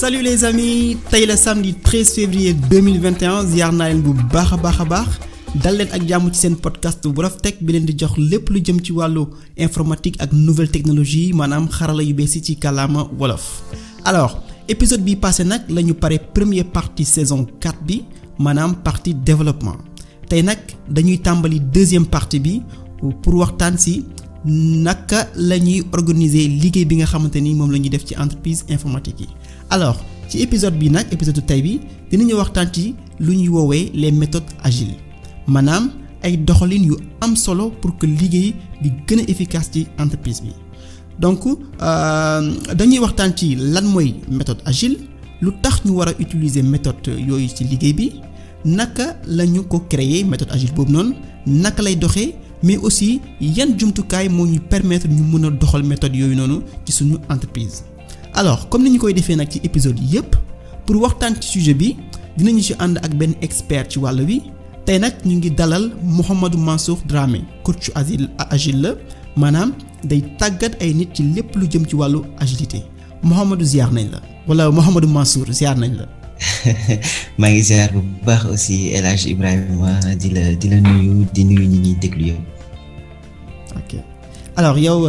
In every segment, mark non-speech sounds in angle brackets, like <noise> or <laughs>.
salut les amis C'est le samedi 13 février 2021 ziar naa leen bu baax a baax dal podcast Wolof Tech bi de di jox plus lu jëm ci walu informatique ak nouvelle technologie manam xarala yu Kalama ci wolof. alors épisode bi passé nak la paré premier première partie saison 4 bi manam partie développement Tay parlé dañuy tambali deuxième partie bi pour waxtan si. naka la deuxième organiser ligue bi nga ni lañuy la def ci entreprise informatique alors ci épisode bi nag épisode tey bi dinañu waxtaan ci lu ñuy woowee les méthodes agiles maanaam ay doxalin yu am solo pour que liggéey di gën a efficace ci entreprise bi donc euh, dañuy waxtaan ci lan mooy méthode agile lu tax ñu war a utiliser méthode yooyu ci liggéey bi naka lañu ko créer méthode agile boobu noonu naka lay doxee mais aussi yan jumtukaay moo ñu permettre ñu mën a doxal méthode yooyu noonu ci suñu entreprise alors comme ni koy defee nag ci épisode yépp pour waxtaan ci sujet bi dinañu ci ànd ak benn expert ci wàll wi tey nag ñu ngi dalal Mouhamadou Mansour Dramé coach agile agile la maanaam day tàggat ay nit ci lépp lu jëm ci wàllu agilité Mouhamadou ziar nañ la wala Mouhamadou Mansour ziar nañ la. <laughs> maa ngi ziar bu baax aussi El Hadj Ibrahima di la di la nuyu di nuyu ñi ñuy déglu yëpp. ok alors yow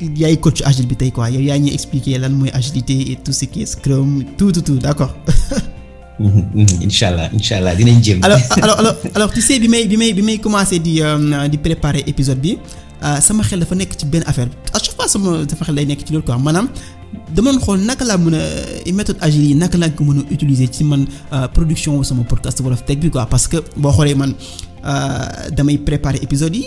yaay euh, coach agile bi tey quoi yow yaa expliqué expliquer le mooy agilité et tout ce qui est scrum tout tout tout d'accord. <laughs> Hum, hum, hum, incha allah incha allah dinañ jéem. <laughs> alors alors alors tu sais bi may bi may bi may commencer di euh, di préparer épisode bi euh, sama xel dafa nek ci ben affaire à chaque fois sama dafa xel lay nek ci loolu quoi Manam dama doon xool naka la mën méthode agile yi naka laa ko mën utiliser ci man production sama podcast Wolof Tech bi quoi parce que bo xoolee man damay préparer épisode yi.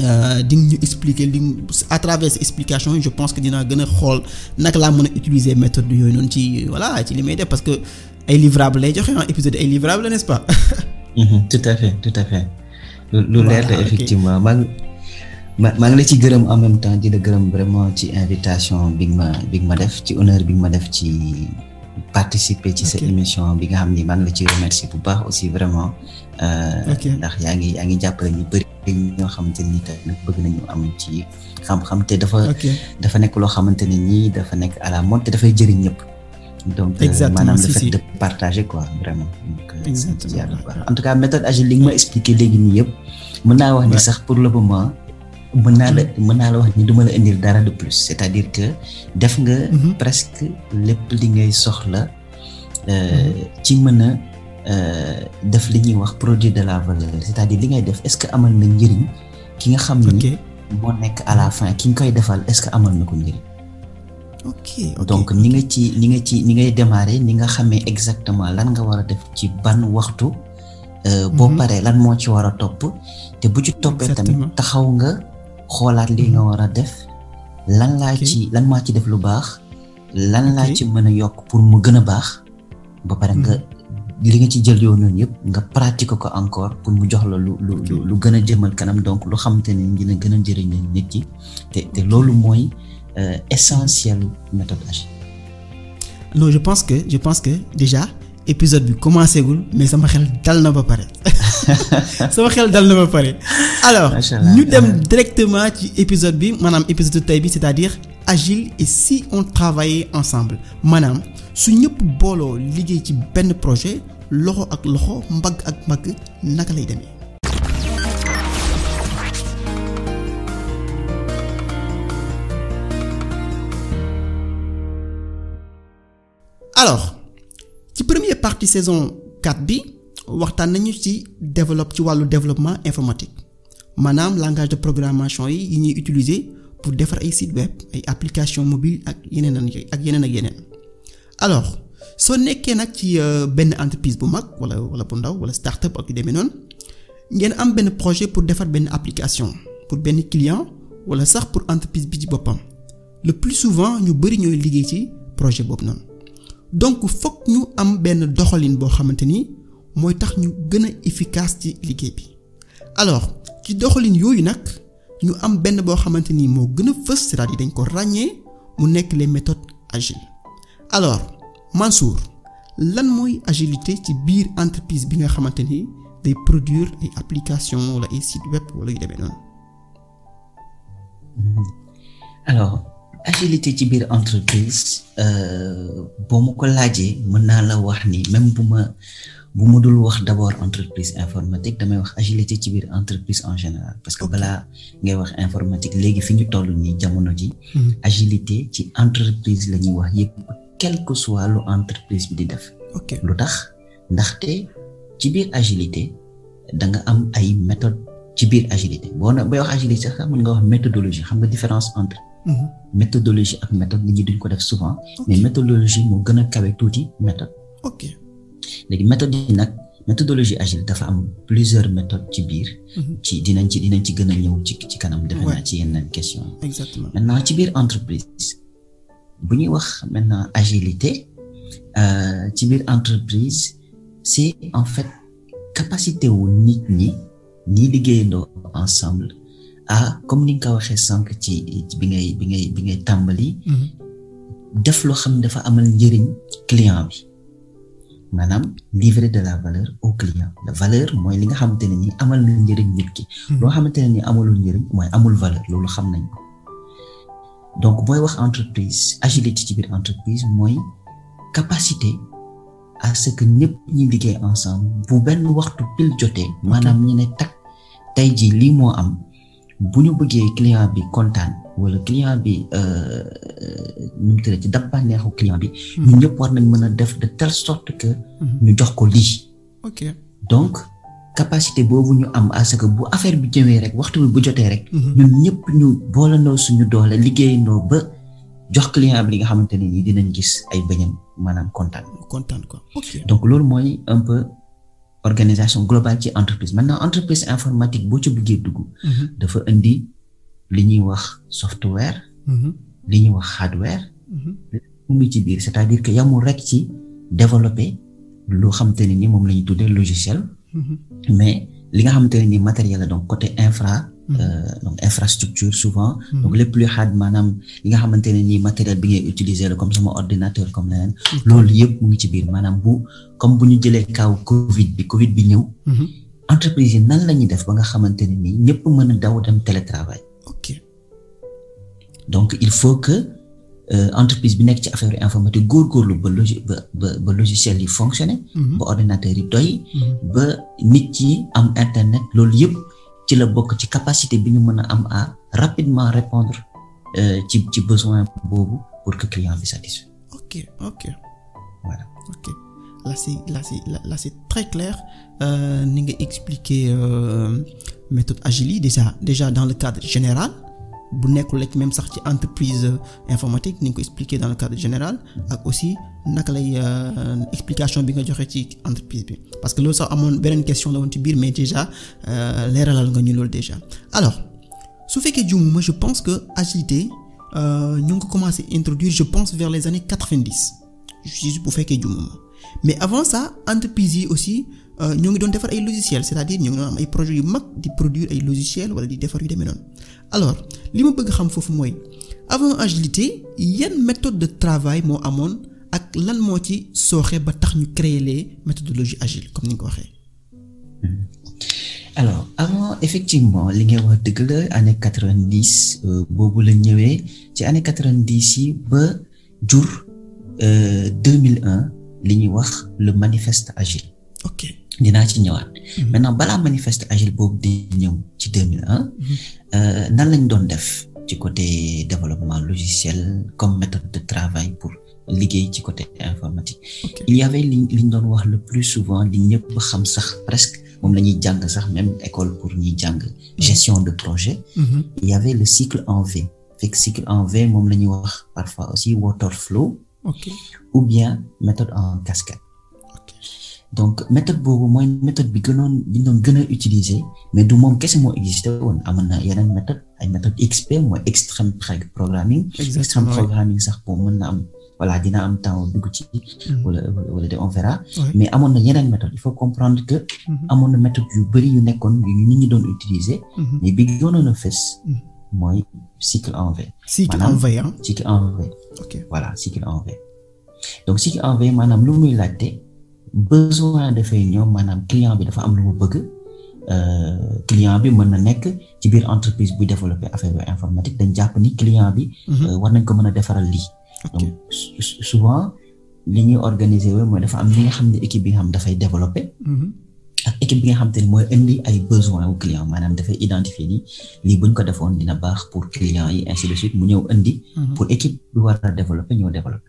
Euh, di nga expliquer li à travers ces explications je pense que dina gëna xol nak la laa mën utiliser méthode yoy non ci voilà ci li may def parce que ay livrable lay joxe ah, épisode ay livrable n'est-ce pas. <laughs> Mhm, tout à fait tout à fait. lu leer la effectivement maa mang maa la ci gërëm en même temps di la gërëm vraiment ci invitation bi ma bi ma def ci honneur bi ma def ci participer ci cette émission bi nga xam ni maa la ci remercier bu baax aussi vraiment. Euh, ndax yaa ngi yaa ngi jàppale ñu bëri ñoo xamante ni tamit bëgg nañu am ci xam-xam te dafa dafa nekk loo xamante ne nii dafa nekk à la mode te dafay jëriñ ñëpp donc euh, maanaam le fait de quoi vraiment donc euh, sant yàlla en tout cas méthode agile li nga ma léegi nii yëpp mën naa wax ni sax pour le moment mën naa la mën naa la wax ni du ma la indil dara de plus c'est-à-dire que def nga mhm. presque lépp li ngay soxla mhm. ci mën a Euh, def li ñuy wax produit de la valeur c'est-à-dire ngay def est-ce que amal na njëriñ ki nga xam ni moo nekk à la fin ki nga koy defal est-ce que amal na ko njëriñ donc ni nga ci ni nga ci ni ngay démarrer ni nga xamee exactement lan nga war a def ci ban waxtu euh, boo mhm. paree lan moo ci war a topp te bu ci toppee tamit taxaw nga xoolaat li nga mhm. war a def lan laa ci lan moo ci def lu baax lan laa ci mën a yokk pour mu gën a baax ba pare nga mhm. li nga ci jël yoon yëpp nga pratique ko encore pour mu jox la lu lu lu gën a jëmal kanam donc lu xam xamante ne dina gën a njëriñ nit yi te te loolu mooy euh, essentiel méthode agile. non je pense que je pense que déjà épisode bi commencé gul mais sama xel dal na ba pare <laughs> sama xel dal na ba pare. alors ñu dem directement ci épisode bi maanaam épisode tey bi c'est-à-dire agile et si on travaillait ensemble Manam, su nous booloo liggéey ci projet loxo ak loxo mbagg ak mbagg naka lay demee. alors la première partie saison 4 bi waxtaan nañu ci développe ci walu développement informatique Manam langage de programmation yi ñi utiliser pour defar ay site web ay application mobile ak yeneen ak yeneen ak yeneen alors soo nekkee nag ci euh, benn entreprise bu mag wala wala bu ndaw wala startup ak yu demee noonu ngeen am benn projet pour defar benn application pour benn client wala sax pour entreprise bi ci boppam le plus souvent ñu bari ñooy liggéey ci projet boobu noonu donc fokk ñu am benn doxalin boo xamante ni mooy tax ñu gën a efficace ci liggéey bi alors ci doxalin yooyu nag ñu am benn boo xamante ni moo gën a fës c'est-à-dire dañ ko ràññee mu nekk les méthodes agiles alors Mansour lan mooy agilité ci biir entreprise bi nga xamante ni day produire ay applications wala ay site web wala yu demee noonu. alors agilité ci biir entreprise euh, boo ma ko laajee mën naa la wax ni même bu ma. bu mu dul wax d'abord entreprise informatique damay wax agilité ci biir entreprise en général parce que bala ngay wax informatique léegi fi ñu toll nii jamono ji hmm. agilité ci entreprise la ñuy wax yëpp quel que soit lu entreprise bi di def lu tax ndaxte ci biir agilité da nga am ay méthode ci biir agilité boo na bay wax agilité sax mën nga wax méthodologie xam nga différence entre hmm. méthodologie ak méthode nit ñu duñ ko def souvent mais méthodologie moo gën a kawe tuuti méthode léegi méthode yi nag méthodologie agile dafa am plusieurs méthodes ci biir. Mhm. ci dinañ ci dinañ ci gën a ñëw ci ci kanam. defe naa ci yenn question exactement maintenant ci biir entreprise bu ñuy wax maintenant agilité euh, ci biir entreprise c'est en fait capacité wu nit ñi ñiy liggéeyandoo ensemble à comme ni nga ko waxee sànq ci bi ngay bi ngay bi ngay tàmbali. Mhm. def loo xam dafa amal njëriñ client bi maanaam livrer de la valeur au client la valeur mooy li nga xamante ne nii amal na njëriñ nit ki. Hmm. loo xamante ne nii amalul njëriñ mooy amul valeur loolu xam nañ donc booy wax entreprise agilité ci biir entreprise mooy capacité à ce que ñëpp ñi liggéey ensemble bu benn waxtu pile jotee. maanaam ñu ne tak tey jii lii moo am bu ñu bëggee client bi kontaan. wala client bi euh, nu mu ci dab bànneexu client bi. Hmm. ñun ñëpp war nañ mën a def de telle sorte que. Hmm. ñu jox ko lii. ok donc capacité boobu ñu am à que bu affaire bi jëmee rek waxtu bi bu jotee rek. Hmm. ñun ñëpp ñu boolandoo suñu doole liggéeyandoo ba jox client bi li nga xamante ne nii dinañ gis ay bëñam maanaam kontaan. kontaan quoi donc loolu mooy un organisation globale ci entreprise maintenant entreprise informatique boo ci buggee dugg. dafa indi. li ñuy wax software. Mhm. li ñuy wax hardware. Mhm. mu ngi ci biir c'est-à-dire que yamul rek ci développer loo xamante ne ni moom la ñu tuddee logiciel. Mhm. mais li nga xamante ne ni matériel la donc côté infra. Euh, donc infrastructure souvent. donc lépp luy xaaj maanaam li nga xamante ne nii matériel bi ngay utiliser la comme sama ordinateur comme leneen. loolu yëpp mu ngi ci biir maanaam bu comme bu ñu jëlee kaw Covid bi Covid bi ñëw. entreprise yi nan la def ba nga xamante nii ñëpp mën a daw dem télétravail. donc il faut que euh, entreprise qui a fait affaire informatique gor gor ba ba logiciel yi fonctionné. Mhm. ba ordinateur yi doy. Mhm. ba nit yi am internet loolu yëpp ci la bokk ci capacité bi ñu am à rapidement répondre euh, ci ci besoin pour que client bi satisfait. ok ok voilà ok là c'est là c'est très clair euh, ni nga expliquer méthode agile déjà déjà dans le cadre général bu nekkul même sax ci entreprise informatique ni ko expliquer dans le cadre général ak aussi naka lay euh, explication bi nga joxe ci entreprise bi parce que loolu sax amoon beneen question la woon ci biir mais déjà euh, leeralal nga ñu loolu déjà alors su fekkee juumuma je pense que agilité euh, ñu ngi ko commencé introduire je pense vers les années 90 juste pour juste bu fekkee mais avant ça entreprise yi aussi ñoo ngi doon defar ay logiciels c'est-à-dire ñoo ngi doon am ay projets yu mag di produire ay logiciels wala di defar yu demee alors li ma bëgg xam foofu mooy avant agilité yan méthode de travail moo amoon ak lan moo ci sooxe ba tax ñu créer les méthodologies agiles comme ni nga hmm. alors avant effectivement li nga wax dëgg la année 90 euh, dix boobu la ñëwee ci année quatre-vingt-dix yi ba jur euh, deux mille li wax le manifeste agile. ok dinaa ci ñëwaat. Mm-hmm. maintenant balaa manifeste agile boobu di ñëw ci 2001. Mm-hmm. Euh, nan lañ doon def ci côté développement logiciel comme méthode de travail pour liggéey ci côté informatique. il y avait li liñ doon wax le plus souvent li ñëpp xam sax presque moom la ñuy jàng sax même école pour ñuy jàng mm-hmm. gestion de projet. il y avait le cycle en V. fekk cycle en V moom la ñuy wax parfois aussi waterflow. ou bien méthode en cascade donc méthode boobu mooy méthode bi gënoon bi ñu doon utiliser mais du mom kese moo existé woon amoon na méthode ay méthode XP mooy extreme programming extreme programming sax pour mën am voilà dina am temps dugg ci mm. wala wala de on verra mais amoon na yeneen méthode il faut comprendre que mm-hmm. amoon na méthode yu bari yu nekkoon yu nit ñi doon utiliser mm-hmm. mais bi gënoon a fës mm. mooy cycle en V cycle en V hein. cycle en V ok voilà cycle en V donc cycle en V maanaam lu muy laajte besoin dafay ñëw maanaam client bi dafa am lu mu bëgg euh, client bi mën na nekk ci biir entreprise buy développé affaire informatique dañ jàpp ni client bi. Mhm. Euh, war nañ ko mën a defaral lii. donc souvent li ñu organiser wu mooy dafa am li nga xam ne équipe bi nga xam dafay développé. Mhm. ak équipe bi nga xam te ni mooy indi ay besoin wu client maanaam dafay identifier ni lii buñ ko defoon dina baax pour client yi ainsi de suite mu ñëw indi. Mhm. pour équipe bi war développé ñëw développé.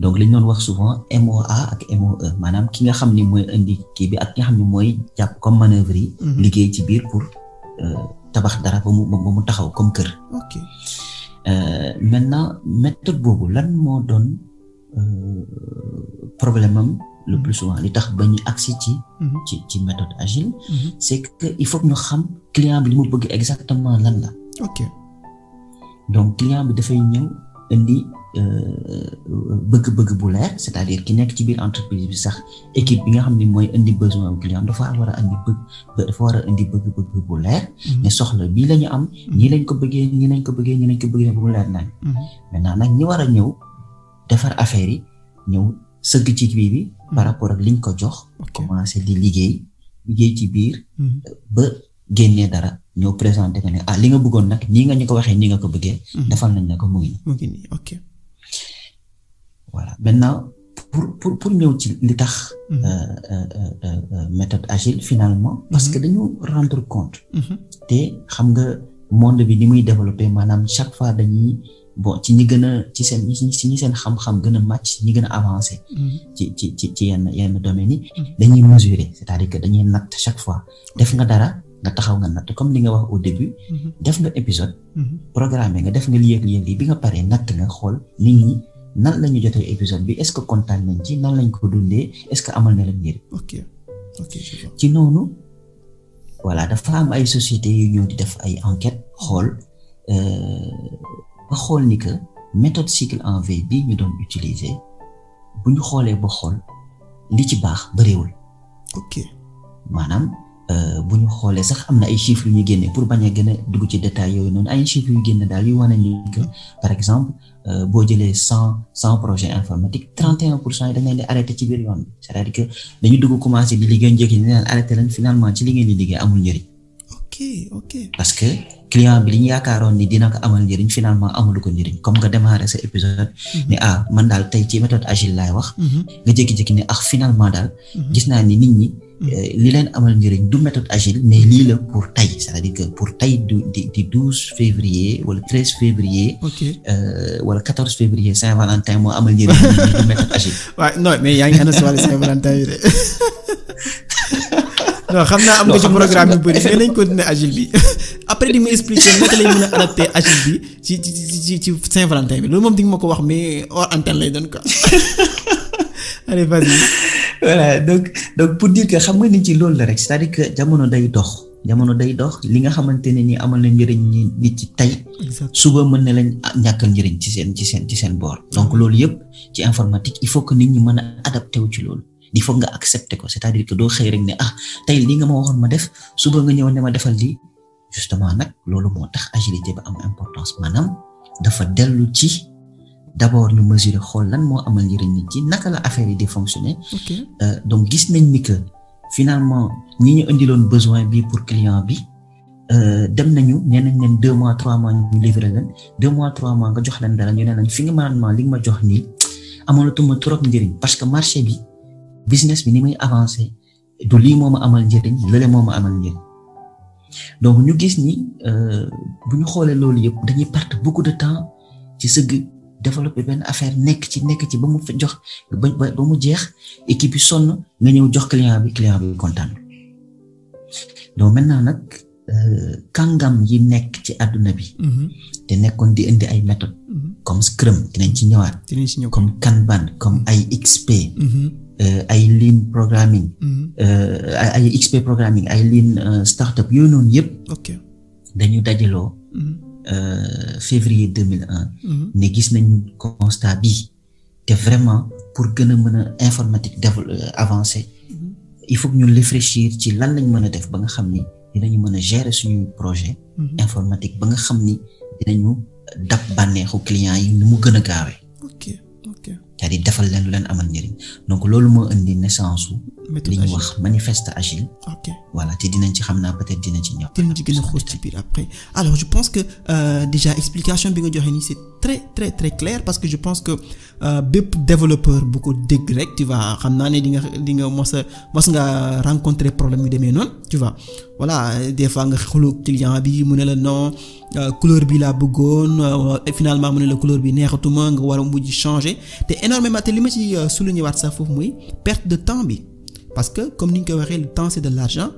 donc liñ ñu doon wax souvent MOA ak MOE maanaam ki nga xam ni mooy indi kii bi ak ki nga xam ni mooy jàpp comme manœuvre yi. Mhm. liggéey ci biir pour euh, tabax dara ba mu ba mu taxaw comme kër. ok euh, maintenant méthode boobu lan moo doon euh, problème am. le mhm. plus souvent li tax ba ñu agsi ci. Mhm. ci ci méthode agile. c'est que il faut que ñu xam client bi li mu bëgg exactement lan la. ok donc client bi dafay ñëw. indi bëgg-bëgg bu leer c'est-à-dire ki nekk ci biir entreprise bi sax équipe bi nga xam ne mooy indi besoin client dafa war a indi bëgg dafa war a indi bëgg-bëgg bu leer mais soxla bii la ñu am ñii mhm. lañ ko bëggee ñii lañ ko bëggee ñii lañ ko bëggee bu leer nañ mhm. maintenant nag ñi war a ñëw defar affaire yi ñëw sëgg ci bii bi mhm. par rapport ak liñ ko jox commencé di liggéey liggéey ci biir ba génnee dara ñoo présenté ko ne ah li nga bëggoon nag nii nga ñu ko waxee nii nga ko bëggee. Mhm. defal nañ la ko mu ngi nii. mu ngi nii ok. voilà maintenant pour pour pour ñëw ci li tax. Mhm. Euh, euh, euh, méthode agile finalement. parce mhm. que dañu rendre compte. te xam nga monde bi ni muy développé maanaam chaque fois dañuy bon ci ñi gën a ci seen ci ñi seen xam-xam gën a màcc ñi gën a avancé. ci ci ci ci yenn yenn domaines yi. dañuy mesurer c'est-à-dire que dañuy natt chaque fois def nga dara. nga taxaw nga natt comme li nga wax au début. Mhm. def nga épisode. Mhm. programme nga def nga lii ak lii bi nga paree natt nga xool nit ñi nan la ñu jotee épisode bi est-ce que kontaan nañ ci nan lañ ko dundee est-ce que amal na leen njëriñ. ok ok ci noonu voilà dafa am ay sociétés yu ñëw di def ay enquête xool euh, ba xool ni que méthode cycle en V bii ñu doon utiliser bu ñu xoolee ba xool li ci baax bëriwul. maanaam. Euh, bu ñu xoolee sax am na ay chiffres yu ñu génne pour bañ a gën a dugg ci détail yooyu noonu ay chiffres yu génne daal yu wane ni euh, di arrêté ci biir yoon bi cest dugg commencé di liggéey njëkk liggéey amul njëriñ. parce que client bi li yaakaaroon ni dina ko amal njëriñ finalement amul njëriñ comme nga démarré sa épisode mhm. ne ah man daal tey ci méthode agile laay wax. Mhm. nga jékki-jékki ne ah finalement daal. Mhm. gis naa ni nit ñi. Euh, li leen amal njëriñ du méthode agile mais lii la pour tey c'est-à-dire que pour tey du di douze février wala treize février. ok euh, wala quatorze février Saint-Valentin moo amal njëriñ du méthode agile. waaw <laughs> non mais yaa ngi ànd si wàllu Saint-Valentin yi de. <laughs> non xam naa am nga ci programme yu bëri mais nañ continuer agile bi <laughs> après di ma expliquer naka lay mën a adapté agile bi ci ci ci ci Saint-Valentin bi loolu moom di nga ma ko wax mais hors antenne lay doon quoi allez vas-y. voilà donc donc pour dire xam nga nit ci loolu la rek c'est-à-dire que jamono day dox jamono day dox li nga xamante ne ni amal na njëriñ ñi nit ci tey. suba mën na leen ñàkkal njëriñ ci seen ci seen ci seen boor. donc loolu yëpp ci informatique il faut nit ñi mën a adapté wu ci loolu. il faut nga accepter ko cest ta dire que doo xëy rek ne ah tey li nga ma waxoon ma def suba nga ñëw ne ma defal lii justement nag loolu moo tax agilité ba am importance maanaam dafa dellu ci. d'abord ñu mesurer xool lan moo amal njëriñ nit yi naka la affaire yi di fonctionner euh, donc gis nañ ni que finalement ñi ñu indiloon besoin bi pour client bi euh, dem nañu nee nañ leen deux mois trois mois ñu livrer leen deux mois trois mois nga jox leen dara ñu ne leen fi nga maanaam li nga ma jox nii amalatuma trop njëriñ parce que marché bi business bi ni muy avancé du lii moo ma amal njëriñ lële moo ma amal njëriñ donc ñu gis ni euh, bu ñu xoolee loolu yëpp dañuy perte beaucoup de temps ci sëgg développé benn affaire nekk ci nekk ci ba mu jox ba ba mu jeex équipe bi sonn nga ñëw jox client bi client bi kontaan donc maintenant nag euh, kàngam yi nekk ci àdduna bi. Mm-hmm. te nekkoon di indi ay méthode mm-hmm. comme Scrum dinañ ci ñëwaat. dinañ ci ñëwaat comme Kanban ay XP. Mm-hmm. Euh, ay lean programming. Euh, ay XP programming ay lean startup yooyu noonu yëpp. dañu dajaloo. Euh, février 2001. mais mhm. gis nañu constat bi te vraiment pour gën a mën a informatique euh, avancé mhm. il faut que ñu réfléchir ci lan lañ mën a def ba nga xam ni dinañu mën a gérer suñu projet. Mhm. informatique ba nga xam ni dinañu dab bànneexu clients yi nu mu gën a gaawee. ok ok c'est-à-dire defal leen lu leen amal njëriñ donc loolu moo indi naissance li ñu manifeste agile. ok voilà tu dis ci xam peut-être dina ci Tu dinañ ci gën a xoos ci après alors je pense que euh, déjà explication bi nga joxe c'est très très très clair parce que je pense que euh, bépp développeur beaucoup de grec rek tu vois xam naa ne di nga di nga mos mos nga rencontrer problème tu vois voilà des fois nga xooloo client bi mu nom, la non euh, couleur bi laa et finalement mu ne la couleur bi monde, nga war a mujj changer C'est énormément te li ma ci souligner waat sax muy perte de temps bi parce que comme nous ñu le temps c'est de l'argent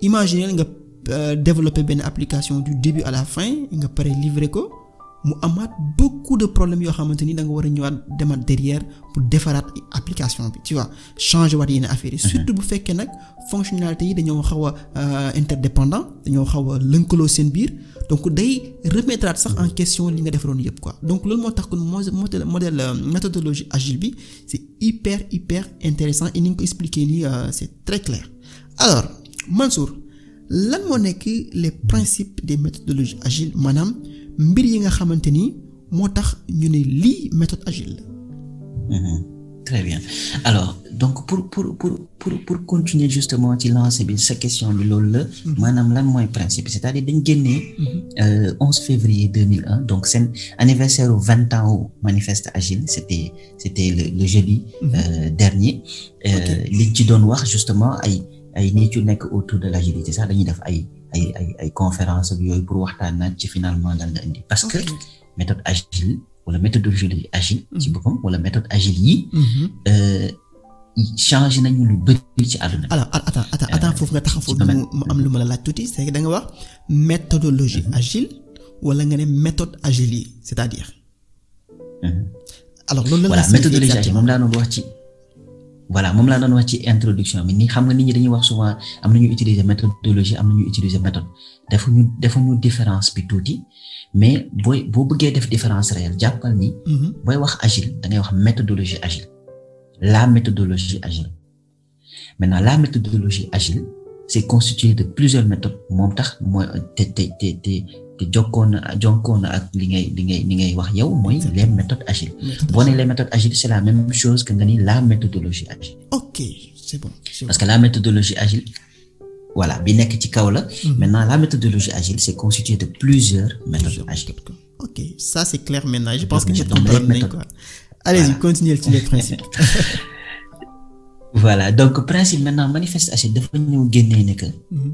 imaginez nga euh, développé une application du début à la fin nga pare livrer ko mu avons beaucoup de problèmes à vous ni da nga derrière pour défaire l'application, tu vois changer waat yenn affaires yi. Mhm. surtout bu que les fonctionnalités yi interdépendantes, xaw a euh, interdépendant de donc day remettre sax en question li nga defaroon yëpp quoi donc loolu moo tax kon modèle modèle euh, méthodologie agile bi c' hyper hyper intéressant et ni nga ko expliqué nii euh, c' très clair alors Mansour lan moo nekk les principes des méthodologies agile maanaam mbir yi nga xamante ni moo tax ñu ne lii méthode agile la. Mm-hmm. Très bien. Alors, donc pour, pour, pour, pour, pour continuer justement à lancer bien cette question de loolu la mhm. maanaam lan mooy principe c'est-à-dire d'un mhm. euh, 11 février 2001 donc c'est anniversaire au 20 ans au manifeste agile c'était c'était le, le jeudi mhm. euh, dernier euh, liñ ci doon wax justement ay ay nit autour de l'agilité Ça, dañuy def ay ay ay conférence pour voir ci finalement dans le indi parce que méthode agile la méthodologie agile ci mm-hmm. méthode agile yi. Mm-hmm. Euh, change nañu lu bëri ci alors attends attends attends fofu nga taxaw am la laaj c'est que da méthodologie mm-hmm. agile wala nga méthode agile c'est-à-dire. alors la méthodologie agile voilà mom la doon wax ci introduction ni xam nga nit ñi dañuy wax souvent am nañu utiliser méthodologie am nañu utiliser méthode defuñu defuñu différence bi tuuti mais booy bo bëggee def différence réelle jàppal ni. Mhm. boy wax agile da ngay wax méthodologie agile la méthodologie agile maintenant la méthodologie agile c'est constitué de plusieurs méthodes moom tax mooy te te li ngay li ngay wax yow les méthodes agiles boo les méthodes agiles c'est la même chose que la méthodologie agile ok c'est bon parce que la méthodologie agile voilà bi nekk ci kaw mhm. maintenant la méthodologie agile c'est constitué de plusieurs méthodes agiles ok ça c'est clair maintenant je pense que j'ai compris quoi allez-y continuez ci les <laughs> principes <laughs> voilà donc principe maintenant manifeste agile dafa ñëw génnee ne que mhm.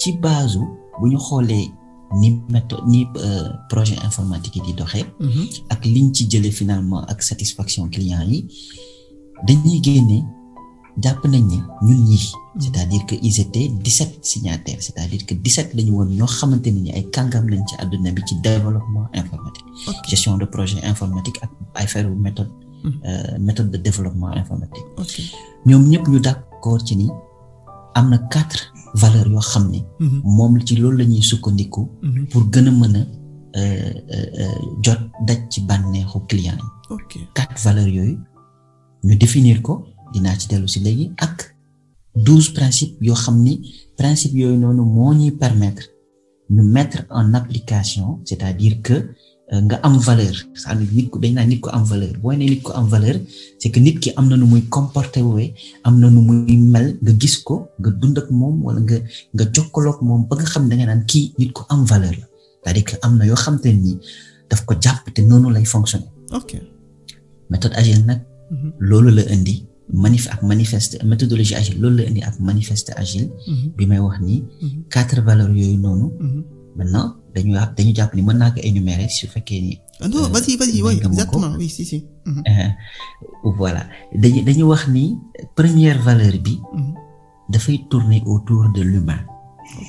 ci base bu ñu xoolee ni euh, projet informatique di mhm. ak liñ finalement satisfaction client yi mhm. c'est-à-dire que ils étaient 17 signataires c'est-à-dire que 17 lañu won ñoo ci développement informatique. gestion de projet informatique ak méthode. Mhm. Euh, méthode de développement informatique. ñoom d'accord ci ni valeur yoo xam ne mhm. moom ci loolu la ñuy sukkandiku mhm. pour gën a mën a euh, euh, euh, jot daj ci bànneexu client yi quatre valeurs yooyu ñu définir ko dinaa ci dellu si léegi ak douze principes yoo xam ni principes yooyu noonu moo ñuy permettre ñu mettre en application c'est-à-dire que Euh, nga am valeur cest à dañ naa nit ku am valeur boo nee nit ku am valeur c'est que nit ki am na nu muy comporté woowee am na nu muy mel nga gis ko nga dund ak moom wala nga nga jokkaloo ak moom ba nga xam da nga naan kii nit ku am valeur la am na yoo xam te ni daf ko jàpp te noonu lay fonctionner. ok méthode agile nag. Mhm. loolu la indi manif ak manifeste méthodologie loolu la indi ak manifeste agile. Mhm. bi may wax nii. Mhm. quatre valeurs yooyu noonu. dañu wax dañu jàpp ni mën naa ko énumérer su fekkee ni. non vas-y vas-y oui exactement oui si si. Mm-hmm. Uh-huh. voilà dañu dañu wax ni première valeur bi. Mm-hmm. dafay tourner autour de l'humain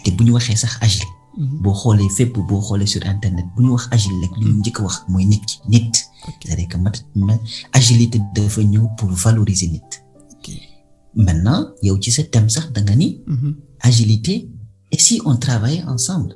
te bu ñu waxee sax agile. Mm-hmm. boo xoolee fépp boo xoolee sur internet bu ñu wax agile rek li ñu njëkk a wax mooy nit nit. c'est-à-dire que mat agilité dafa ñëw pour valoriser nit. maintenant yow ci sa thème sax da nga ni. agilité et si on travaille ensemble.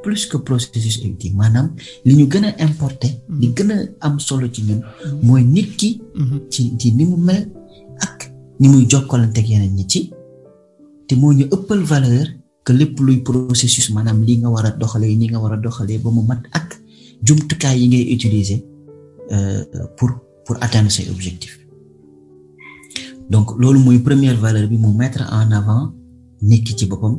plus ke processus inti manam li ñu gëna importer li mhm. gëna am solo ci ñun moy mhm. nit ki mhm. ci ci ni mu mel ak ni muy jokkolante ak yeneen ñi ci te moo ñu ëppal valeur que lépp luy processus manam li nga wara doxale ni nga wara doxale ba mu mat ak jumtukaay yi ngay utiliser euh, pour pour atteindre ses objectifs donc loolu mooy première valeur bi mu mettre en avant nit ki ci boppam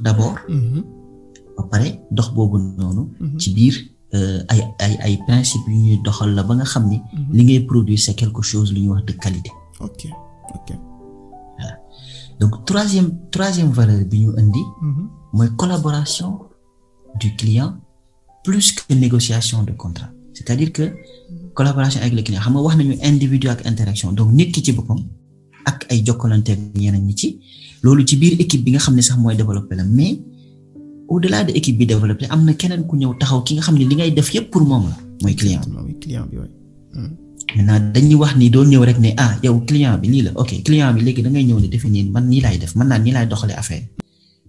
d'abord. quelque chose de qualité. donc troisième troisième valeur mm-hmm. collaboration du client plus que négociation de contrat c'est-à-dire que mm-hmm. collaboration avec le client individu interaction donc loolu ci biir équipe bi nga xam ne sax mooy développé la mais au delà de équipe bi développé am na keneen ku ñëw taxaw ki nga xam ne li ngay def yëpp pour moom la mooy client bi client bi hmm. maintenant dañuy wax ni doo ñëw rek ne ah yow client bi lii la ok client bi léegi da ngay ñëw ne defe nii man nii laay def man naa nii laay doxalee affaire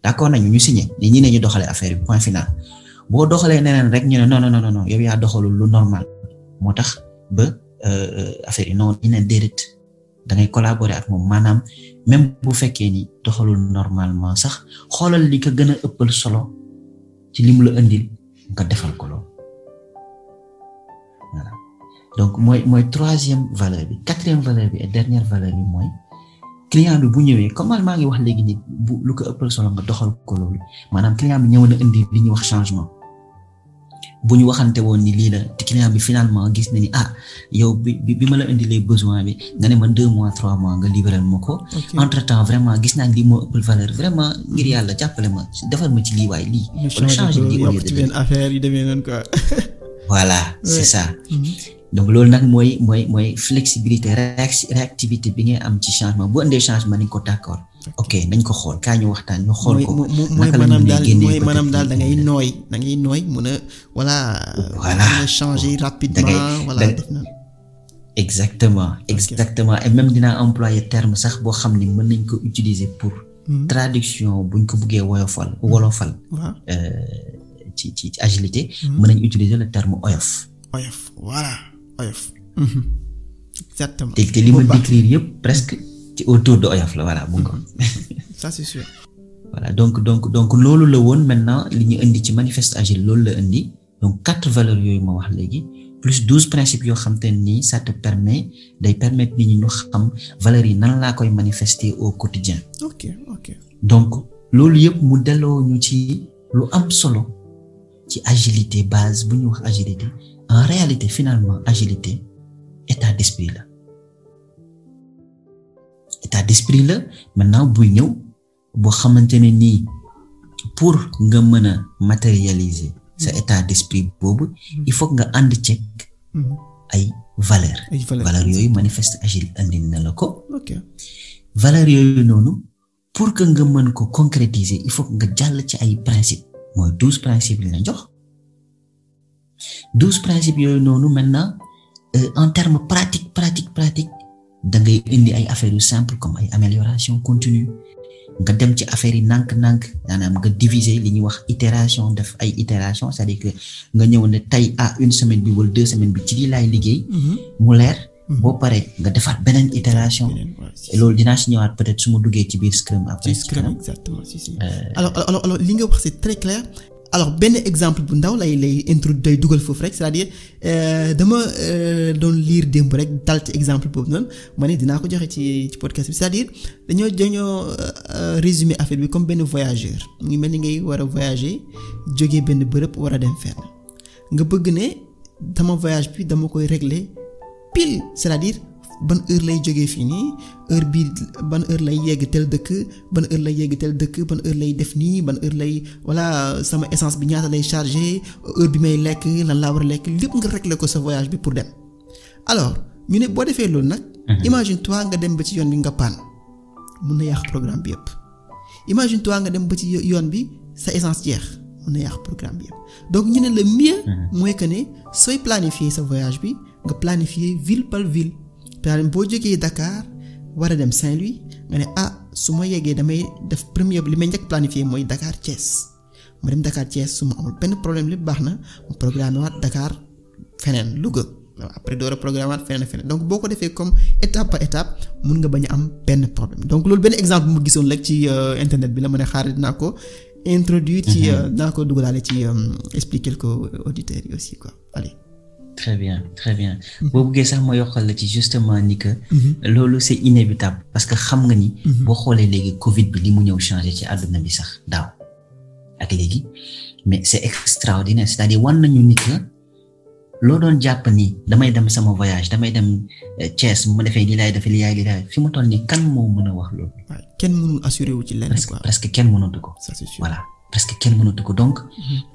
d'accord nañu ñu signé ne ñii ne ñu doxalee affaire bi point final boo doxalee neneen rek ñu ne non non non non yow yaa doxalul lu normal moo tax ba euh, euh, affaire yi noonu ñu ne déedéet da ngay ak moom maanaam même bu fekkee ni doxalul normalement sax xoolal li ko gën a ëppal solo ci lim la indil nga defal kolo donc mooy mooy troisième valeur bi quatrième valeur bi et dernière valeur bi mooy client bi bu ñëwee comme maa ngi wax léegi ni bu lu ko ëppal solo nga doxal kolo loolu maanaam client bi ñëw na indi li ñuy wax changement. bu ñu waxante woon ni lii la te client bi finalement gis na ni ah yow bi bi ma la indi les besoins bi nga ne ma deux mois trois mois nga libéral ma ko. entre temps vraiment gis naa lii moo ëppal valeur vraiment ngir yàlla jàppale ma defal ma ci lii waaye lii. wala changer lii au lieu de affaire yi demee noonu quoi. <laughs> voilà c'est ça. Mhm. donc loolu nag mooy mooy mooy flexibilité réactivité bi ngay am ci changement bu indee changement ni ko d'accord. ok nañ ko xool kaa ñu waxtaan ñu xool ko mooy manam daal mooy manam daal da ngay nooy da ngay nooy mun a voilà voilà mun a changer rapidement voilà def na exactement exactement et même dinaa employer terme sax boo xam ni mën nañ ko utiliser pour mhm. traduction buñ ko buggee woyofal mhm. wolofal euh, ci ci ci agilité mhm. mën nañ utiliser le terme oyof oyof voilà oyof exactement te li ma décrire yëpp presque ci autour de oyaf la voilà bu <laughs> ça c'est sûr <laughs> voilà donc donc donc loolu la woon maintenant li ñu indi ci manifeste agile loolu la indi donc quatre valeurs yooyu ma wax léegi plus douze principes yoo xam te ni ça te permet day permettre nit ñi ñu xam valeurs yi nan laa koy manifester au quotidien ok ok donc loolu yëpp mu delloo ñu ci lu am solo ci agilité base bu ñu wax agilité en réalité finalement agilité état d'esprit la état d'esprit la maintenant buy ñëw pour nga matérialiser sa mhm. état d'esprit mhm. il faut nga ànd ceeg mhm. ay valeur valeur yoyu manifeste agile andi na la ko valeur non noonu pour que nga mën ko concrétiser il faut nga jàll ci ay principe Moi, douze principes la jox douze principes yooyu noonu maintenant euh, en termes pratiques, pratiques, pratiques da ngay indi ay affaires yu simple comme ay amélioration continue nga dem ci affaire yi nank nànk maanaam nga diviser li ñuy wax itération def ay itération c'est-à-dire que nga ñëw ne tey à une semaine bi wala deux semaines bi ci lii laay liggéey mhm. mu leer mhm. boo paree nga defaat beneen itération loolu dinaa si ñëwaat peut-être su ma duggee ci biir Scrum après Scrum exactement si si euh, alors alors alors li nga wax c'est très clair alors benn exemple bu ndaw lay lay intro day dugal foofu rek c'est-à-dire euh, dama euh, doon lire démb rek dal ci exemple boobu noonu ma ne dinaa ko joxe ci ci podcast bi c'est-à-dire dañoo dañoo euh, résumé affaire bi comme benn voyageur mu ngi mel ni ngay war a voyager jógee benn bërëb war a dem fenn nga bëgg ne dama voyage bi dama koy régler pile c'est-à-dire ban heure lay jógee fii nii heure bii ban heure lay yegg tel dëkk ban heure lay yegg tel dëkk ban heure lay def nii ban heure lay voilà sama essence bi ñaata lay chargé heure bi may lekk lan laa war a lekk lépp nga réglé ko sa voyage bi pour dem alors ñu ne boo defee loolu nag. Mhm. imagine toi nga dem ba ci yoon bi nga paan mun na yàq programme bi yëpp. imagine toi nga dem ba ci yoon bi sa essence jeex mun na yàq programme bi yëpp donc ñu ne le mieux. Mhm. mooy que ne sooy planifier sa voyage bi nga planifier ville par ville. daal boo jógee Dakar wara dem Saint-Louis ngane ah, a ah su ma damay def premier li may njëkk planifié mooy Dakar Thiès ma dem Dakar Thiès su ma amul ben problème li baxna na mu programme wat Dakar fenen Louga après door a programme fenen donc boko defé comme étape par étape mun nga baña am ben problème donc lool ben exemple mu gissone lek ci euh, internet bi la mëne ne xaar dinaa ko introduire ci dinaa mhm. euh, ko dugalaale ci euh, expliquer ko auditeur yi aussi quoi allez très bien très bien mhm. bo buggee sax ma yokkal la ci justement ni que mhm. lolu c'est inévitable parce que xam nga ni mhm. bo xolé légui covid bi li mu ñëw changer ci aduna bi sax daw ak légui mais c'est extraordinaire c'est-à-dire wan nañu nit la loo doon japp ni damay dem sama voyage damay dem euh, Thiès mu defee ni lay defee lii yaay lii fi mu toll ni kan mo mën wax lolu kenn mënul assurer wu ci lenn quoi presque kenn mënatu ko voilà presque kenn mënatu ko donc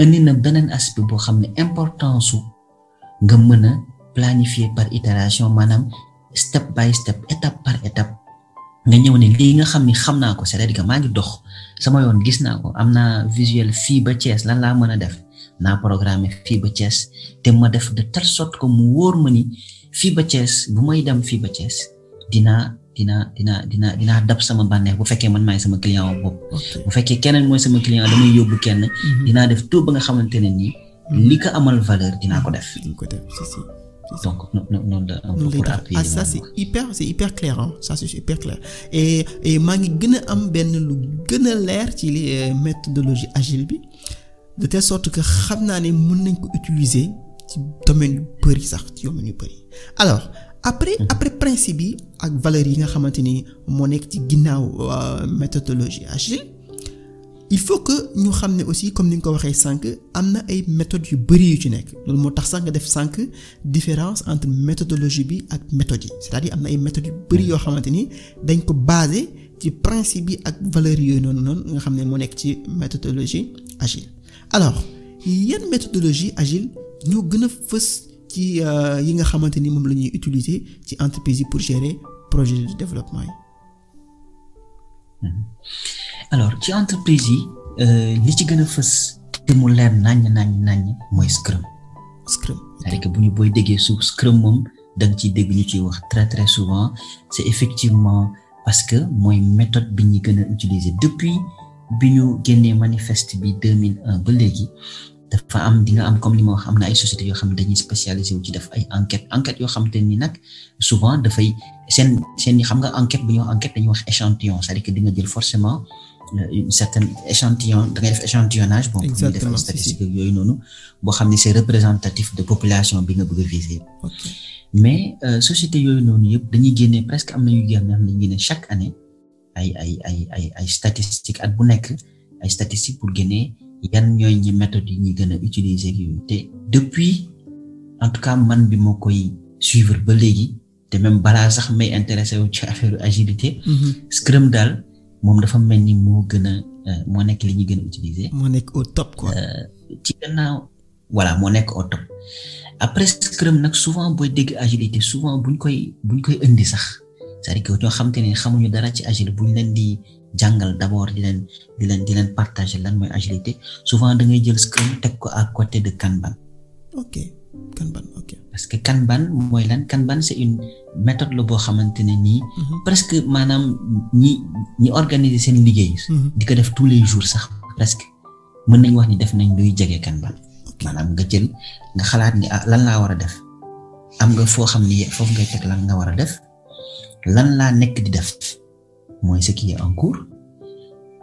indi na benen aspect bo xamné ne importance nga mën a planifier par itération maanaam step by step étape par étape nga ñëw ne lii nga xam ni xam naa ko c'est-à-dire que maa ngi dox sama yoon gis naa ko am naa visuel fii ba Thiès lan laa mën a def naa programmer fii ba Thiès te ma def de telle sorte que mu wóor ma ni fii ba Thiès bu may dem fii ba Thiès dinaa dinaa dinaa dinaa dinaa dab sama bànneex bu fekkee man maay sama client bopp bu fekkee keneen mooy sama client damay yóbbu kenn mhm. dinaa def tout ba nga xamante ne nii Mm-hmm. li ko amal valeur dinaa ko def. dinaa ko def si si. Donc, non, non, non, ah, ça, c'est hyper, c'est hyper clair, hein? Ça, c'est hyper clair. Et, et, mangi gëna am ben lu gëna leer ci euh, méthodologie agile bi. De telle sorte que xam naa ne mën nañ ko utiliser ci domaine yu bëri sax ci domaine yu bëri. Alors, après, mm -hmm. après principe yi ak valeur yi nga xamante ni moo nekk ci ginnaaw euh, méthodologie agile il faut que ñu xamné aussi comme ni nga ko waxee sànq am ay méthodes yu bari yu ci nek loolu motax sax nga def sànq différence entre méthodologie bi ak méthode yi c'est-à-dire amna ay méthodes yu bari yo xamanteni dañ ko baser ci principe bi ak valeurs yooyu non non nga xamné mo nek ci méthodologie agile. alors yan méthodologie agile ñu gëna a ci euh, yi nga xamanteni mom lañuy utiliser ci entreprise pour gérer projet de développement yi. Mm-hmm alors ci entreprise yi euh, li ci gën a fës te mu leer nañ nañ nañ mooy scrum. scrum cest que bu ñu booy déggee suuf scrum moom da nga ciy dégg ñu ciy wax très très souvent c'est effectivement parce que mooy méthode bi ñu gën a utiliser depuis bi ñu génnee manifeste bi 2001 ba léegi dafa am di nga am comme li ma wax am na ay société yoo xam dañuy spécialisé wu ci def ay enquêtes enquête, yoo xam ni nag souvent dafay seen seen xam nga enquête bu ñuy wax enquête dañuy wax échantillon c'est-à-dire que di nga jël forcément. Euh, une certaine échantillon da ngay def échantillonnage bon pour ñu defal statistique yooyu noonu boo xam ne c'est représentatif de population bi nga bëgg a viser mais euh, société yooyu noonu yëpp dañuy génne presque am na yu génne am nañu génne chaque année ay ay ay ay ay statistiques at bu nekk ay statistiques pour génne yan ñooy ñi méthodes yi ñuy gën a utiliser yooyu te depuis en tout cas man bi moo koy suivre ba léegi te même balaa sax may intéressé wu ci affaire agilité mhm. Scrum daal moom dafa mel ni moo gën a euh, moo nekk li ñuy gën a utiliser. moo nekk au top euh, ci gannaaw voilà moo nekk au top après Scrum nag souvent booy dégg agilité souvent buñ koy buñ koy indi sax c'est-à-dire ñoo xamante ne xamuñu dara ci agile buñ leen di jàngal d'abord di leen di leen di leen partager lan mooy agilité souvent da jël Scrum teg ko à côté de Kanban. ok. Kanban ok parce que Kanban mooy lan Kanban c' est une méthode la boo xamante ne nii. Mhm. presque maanaam ni, ñi organiser mhm. di ko def tous les jours presque ni def nañ luy jege Kanban. Mana nga jël nga xalaat ni ah lan laa war def am nga foo xam ni foofu ngay lan nga war def lan di def mooy ce qui est en cours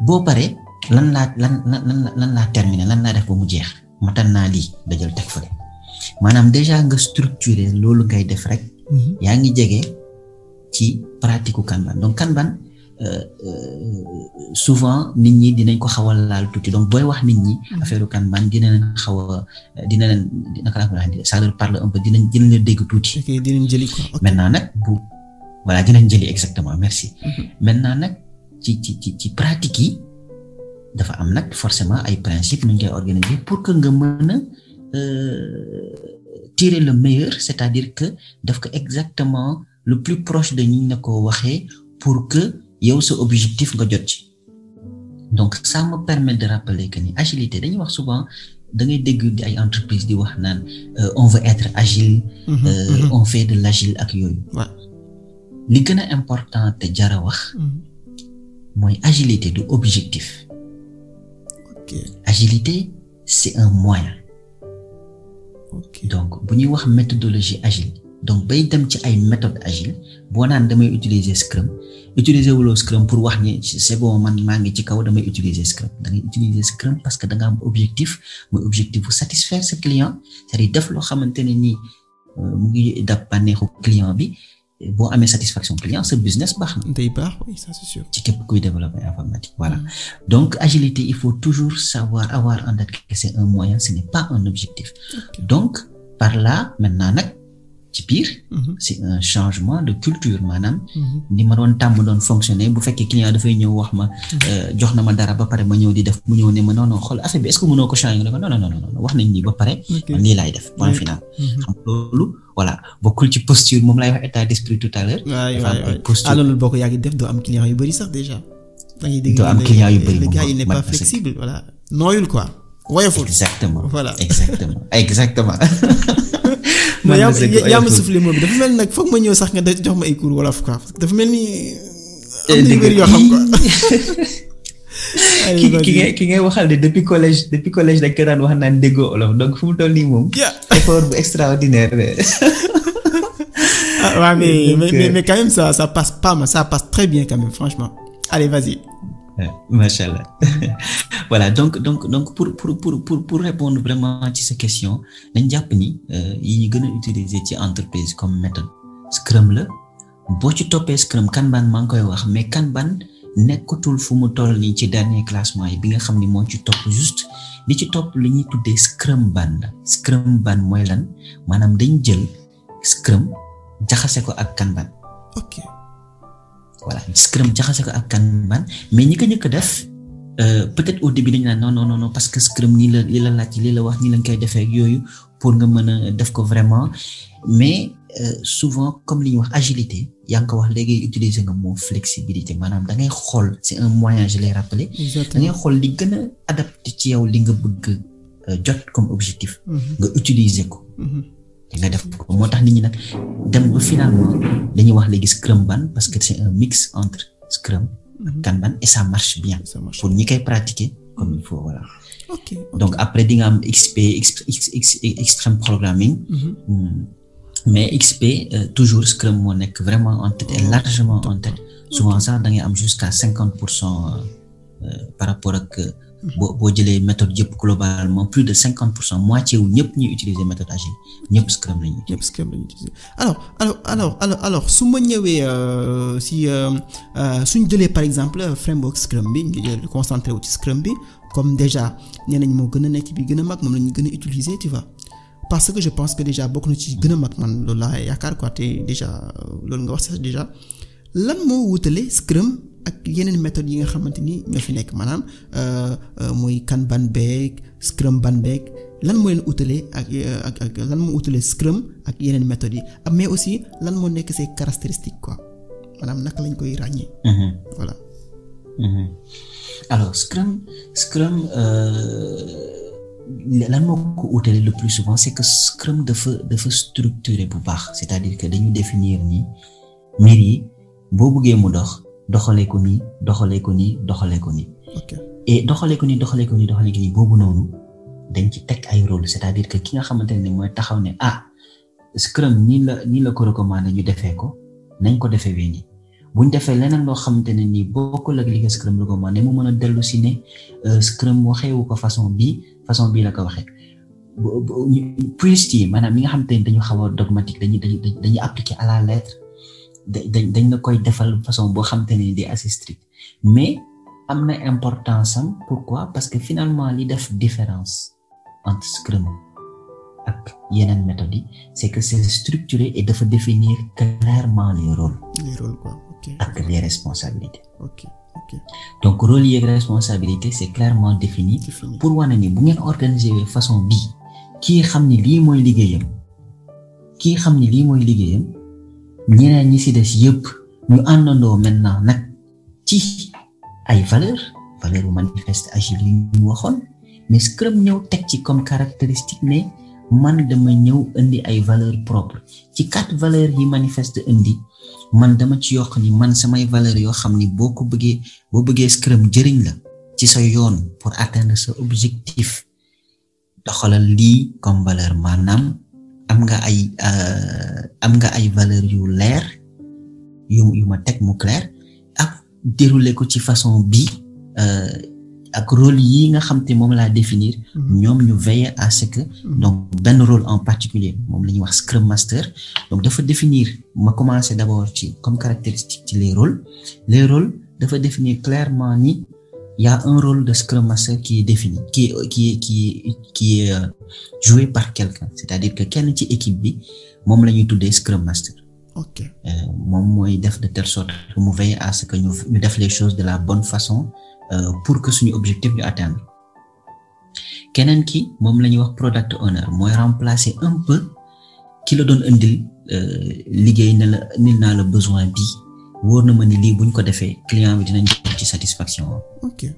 boo paree lan laa lan lan lan laa terminer lan laa def ba mu jeex dajal Manam déjà nga structurer lolu ngay def rek. Mhm. ya ngi jege ci pratique kanban donc kanban eh, eh, souvent nit ñi dinañ ko xawal laal tuti donc boy wax nit ñi. Mhm. affaire kanban dina leen xawa eh, dina leen naka laa ko waxee ça leur parle un peu dina dina la dégg tuti ok dinañ jëli ko. maintenant nak bu voilà dinañ jëli exactement merci. Mhm. maintenant nak ci ci ci ci pratique yi dafa am nak forcément ay principe ñu ngi organiser pour que nga mëna Euh, tirer le meilleur c'est-à-dire que def exactement le plus proche de ni pour que yow sa objectif nga jot ci donc ça me permet de rappeler que ni agilité dañuy wax souvent da ngay entreprises di wax euh, on veut être agile. Mm-hmm, euh, mm-hmm. on fait de l'agile ak yooyu. li gën a important te jar a wax. Mm-hmm. mooy agilité du objectif. agilité c'est un moyen donc bu ñuy wax méthodologie agile donc bay dem ci ay méthode agile boo naan damay utiliser Scrum utiliser wuloo Scrum pour wax ni c'est bon man maa ngi ci kaw damay utiliser Scrum da ngay utiliser Scrum parce que da nga am objectif mooy objectif bu satisfaire ce client c'est-à-dire def loo xamante ne nii euh, mu ngi dab client bi bon à mes satisfactions clients c'est business bah na. day oui ça c'est sûr. ci képp kuy développer informatique voilà donc agilité il faut toujours savoir avoir en tête que c'est un moyen ce n'est pas un objectif donc par là maintenant nag ci mhm. c'est un changement de culture madame mhm. ni ma doon doon bu client wax ma. dara ba ma di def mu ne non non est-ce que changer non non non non wax nañ ba def point final. Mhm. voilà bokkul ci posture wax état tout à l'heure. Ah, def am client yu sax déjà. am client yu quoi. exactement voilà exactement exactement. <laughs> man yaa yaa ma soufflé moom dafa mel nag foog ma ñëw sax nga jox ma ay cours wala quoi dafa mel ni. am na yu bëri yoo xam quoi. <laughs> ki ngay ki ngay waxal de depuis collège depuis collège rek daan wax naan déggoo olof donc fu mu toll nii moom. <laughs> effort bu extraordinaire. <laughs> ah waaw mais mais euh, mais quand même ça ça passe pas mal ça passe très bien quand même franchement allez vas-y. Euh, Machallah. <laughs> voilà donc donc donc pour pour pour pour pour répondre vraiment à cette question dañ japonais, ni euh, yi ñu utiliser ci entreprise comme méthode Scrum la boo ci topé Scrum Kanban maa koy mais Kanban nekkatul fu mu toll ni ci dernier classement yi bi nga xamni mo tu ci top juste li ci top li ñi tuddee Scrum ban Scrum ban moy lan manam dañ jël Scrum jaxase ko ak Kanban. okay voilà scrum jaxase ko ak kanban mais ñi ko ñëk def euh peut-être au début dañ non non non non parce que scrum ni la li la laaj li la wax ni lañ koy defé ak yoyu gitu, pour nga mëna def ko vraiment mais euh, souvent comme li ñu wax agilité yaa ngi ko wax léegi utiliser nga mot flexibilité manam da ngay xool c'est un moyen je l'ai rappelé da ngay xool li gën a adapté ci yow li nga bëgg jot comme objectif mhm. nga utiliser ko nga def pour moo tax nit ñi nag dem ba finalement dañuy wax léegi Scrum parce que c'est un mix entre Scrum mhm. Kanban et ça marche bien pour ñi koy pratiquer donc après di nga am XP Extreme Programming mhm. hmm. mais XP euh, toujours Scrum moo nekk vraiment en tête et largement en souvent sax da am jusqu'à euh, par rapport ak euh, bo bo jëlee méthode yëpp globalement plus de 50%, moitié wu ñëpp ñuy utiliser méthode agile ñëpp scrum la ñëpp scrum alors alors alors alors alors su ma ñëwee euh, si euh, euh, suñu jëlee par exemple framework scrum bi ñu jël concentré wu ci scrum bi comme déjà nee nañ moo gën a nekk bi gëna mag mom la ñu gën utiliser tu vois parce que je pense que déjà bokk na ci gën a mag man loolu laa yaakaar quoi té déjà loolu nga wax sax déjà lan moo wutale scrum ak yeneen méthodes yi nga xamante ni ñoo fi nekk maanaam euh, euh, muy kanban beeg scrum ban beeg lan moo leen utalee ak euh, ak ak lan moo utalee scrum ak yeneen méthodes yi ah, mais aussi lan moo nekk ses caractéristiques quoi maanaam naka lañ koy ràññee. Mm-hmm. voilà. Mm-hmm. alors scrum scrum ko utalee le plus souvent c'est que scrum dafa dafa structuré bu baax c'est-à-dire que dañu définir ni mbir yi boo bëggee mu dox. doxalee ko nii doxalee ko nii doxalee ko nii. et doxalee ko nii doxalee ko nii doxalee ko nii boobu noonu dañ ci teg ay rôle c'est-à-dire que ki nga xamante ne mooy taxaw ne ah scrum nii la nii la ko recommandé ñu defee ko nañ ko defee wéññi buñ defee leneen loo xamante ne nii bokkul ak li nga scrum recommandé mu mën a dellu si ne euh, scrum waxeewu ko façon bii façon bii la ko waxee. priest yi maanaam ñi nga xamante ne dañu xaw a dogmatique dañuy dañuy dañuy appliquer à la lettre. dañ dañ la koy defal façon boo xam te ne di assez strict mais am na importance am pourquoi parce que finalement li def différence entre Scrum ak yeneen méthodes yi c'est que c'est structuré et dafa définir clairement les rôles. les rôles quoi ok ak les responsabilités. ok ok donc rôle yi ak responsabilité c'est clairement défini. pour wane ni bu ngeen organiser façon bi kii xam ni lii mooy liggéeyam kii xam ni lii mooy liggéeyam. ñeneen ñi ci des yëpp ñu àndandoo maintenant nag ci ay valeur valeur bu manifeste agile yi ñu waxoon mais Scrum ñëw teg ci comme caractéristique ne man dama ñëw indi ay valeur propre ci quatre valeur yi manifeste indi man dama ci yokk ni man samay valeur yoo xam ni boo ko bëggee boo bëggee Scrum jëriñ la ci sa yoon pour atteindre sa objectif doxalal lii comme valeur maanaam am nga ay euh, am nga ay valeur yu leer yu yu ma teg mu clair ak dérouler ko ci façon bi euh, ak rôle yi nga xam te moom laa définir mm-hmm. ñoom ñu veiller à ce que mm-hmm. donc benn rôle en particulier moom la ñuy wax scrum master donc dafa définir ma commencer d'abord ci comme caractéristique ci les rôles les rôles dafa définir clairement ni il y a un rôle de Scrum Master qui est défini, qui est, qui est, qui est, euh, joué par quelqu'un. C'est-à-dire que quelqu'un ci équipe bi, mom lañuy tuddé Scrum Master. OK. Euh, moi moy def de telle sorte que je veille à ce que ñu ñu les choses de la bonne façon euh, pour que suñu objectif ñu atteindre. Kenen ki mom lañuy wax product owner, moy remplacer un peu qui le un deal, euh, liggéey na la nil na le besoin bi dire na ma ni lii buñ ko defee client bi dinañ satisfaction ok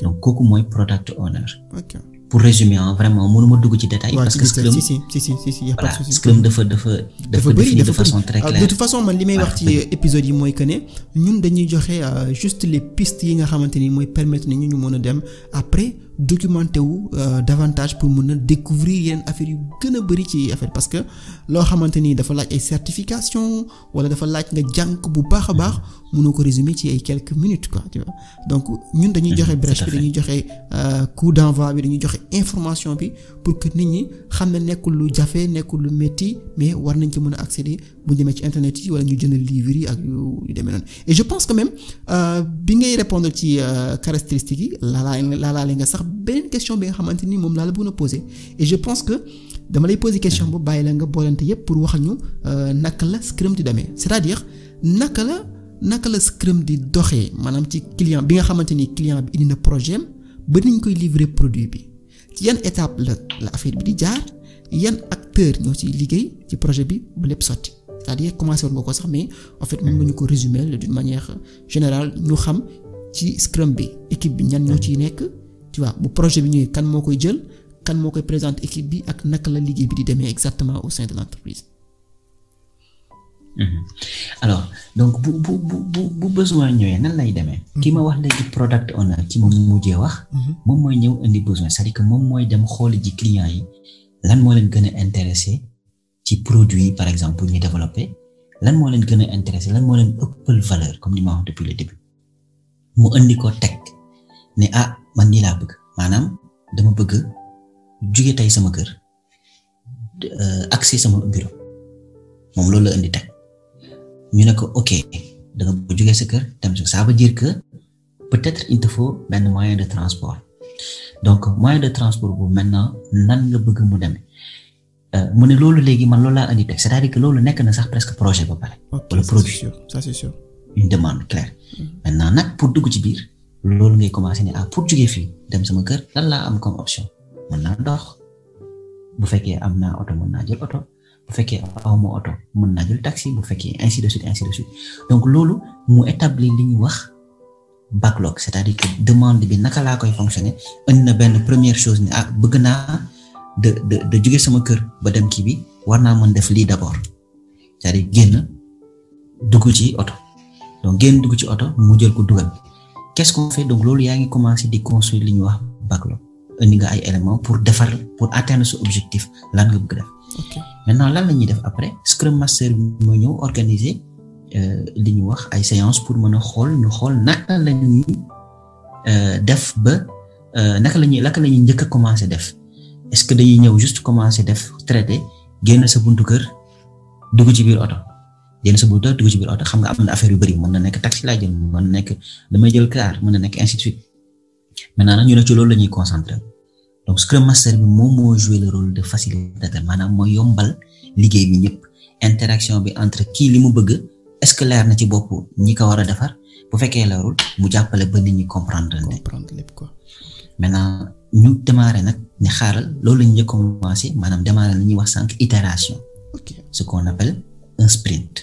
donc kooku product owner. ok pour résumer hein, vraiment détail. parce que Scrum si de façon très ah, claire de toute façon épisode que nous euh, juste les pistes nous, permettre après documenté wu euh, davantage pour mën découvrir yeneen affaire yu gën a bëri ci affaire parce que loo xamante ni dafa laaj ay certification wala dafa laaj nga jàng bu baax a baax mënoo ko résumer ci ay quelques minutes quoi tu vois donc ñun dañuy mhm, joxe brèche bi dañuy joxe euh, coup d'envoi bi dañuy joxe information bi pour que nit ñi xam ne nekkul lu jafe nekkul lu métti mais war nañ ci mën a accéder bu ñu demee ci internet yi wala ñu jënd livres yi ak yu demee noonu et je pense que même euh, bi ngay répondre ci caractéristiques la la la nga sax une question bi nga xamante poser et je pense que dama lay poser question pour ñu euh, Scrum di c'est-à-dire naka la la Scrum di doxee maanaam ci client bi nga client projet niñ livrer produit bi étape la bi acteur ñoo projet bi c'est-à-dire sax mais en fait résumer d'une manière générale ñu xam ci Scrum bi équipe bi ñan ñoo tu vois bu projet bi ñëwee kan moo koy jël kan moo koy présenter équipe bi ak naka la liggéey bi di demee exactement au sein de l'entreprise. Mhm. alors donc bu bu bu bu besoin ñëwee nan lay demee. Mhm. ki ma wax léegi product owner ki ma mujjee wax. Mhm. moom mooy ñëw indi besoin c'est-à-dire que moom mooy dem xooli ji client yi lan moo leen gën a intéressé ci produit par exemple bu ñuy développé lan moo leen gën a intéressé lan moo leen ëppal valeur comme ni ma wax depuis le début mu indi ko teg ne ah. man nii laa bëgg maanaam dama bëgg jóge tey sama kër eh, accès sama bureau moom loolu la indi teg ñu ne ko ok da nga bëgg jóge sa kër dem sa ça veut dire que peut-être il te faut benn moyen de transport donc moyen de transport bu maintenant nan nga bëgg mu demee eh, mu ne loolu léegi man loolu laa indi teg c'est-à-dire que loolu nekk na sax presque projet ba pare. wala produit ça c'est sûr une demande claire mm-hmm. maintenant nag pour dugg ci biir lool ngay commencé ne ah pour jógee fii dem sama kër lan laa am comme option mën naa dox bu fekkee ya am naa oto mën naa jël oto bu fekkee ya aw ma oto mën naa jël taxi bu fekkee ainsi de suite ainsi de suite donc loolu mu établir li ñu wax backlog c'est-à-dire que demande bi naka laa koy fonctionner indi na benn première chose ni ah bëgg naa de de de jóge sama kër ba dem kii bi war naa mën def lii d'abord c'est-à-dire génn dugg ci oto donc génn dugg ci oto mu jël ko dugal qu'est-ce qu'on fait Donc lolu yaangi commencer commencé di construire li ñu wax backlog indi nga ay éléments pour défar pour atteindre ce anu objectif lan nga bëgg def. maintenant lan lañuy def après scrum master mo ñeu ñëw organiser eh, li ñu wax ay séances pour mëna xol ñu xol naka lañuy euh def ba naka la ñuy naka lañuy ñëk commencer def est-ce que dañuy ñëw juste commencer def traiter génn sa buntu kër dugg ci biir auto yéen sa bu doon dugg ci biir oto xam nga am na affaire yu bëri mën na nekk taxi laa jël mën na nekk damay jël car mën na nekk ainsi de suite maintenant ñu ne ci loolu la ñuy donc scrum master bi mo mo jouer le rôle de facilitateur manam mo yombal liguey bi ñep interaction bi entre ki li mu bëgg est ce clair na ci bop ñi ko wara defar bu fekke la rôle mu jappalé ba nit ñi comprendre leen. comprendre lepp quoi maintenant ñu démarrer nak ni xaaral loolu la ñu commencé manam démarrer la ñuy wax sank itération. ok ce qu'on appelle un sprint.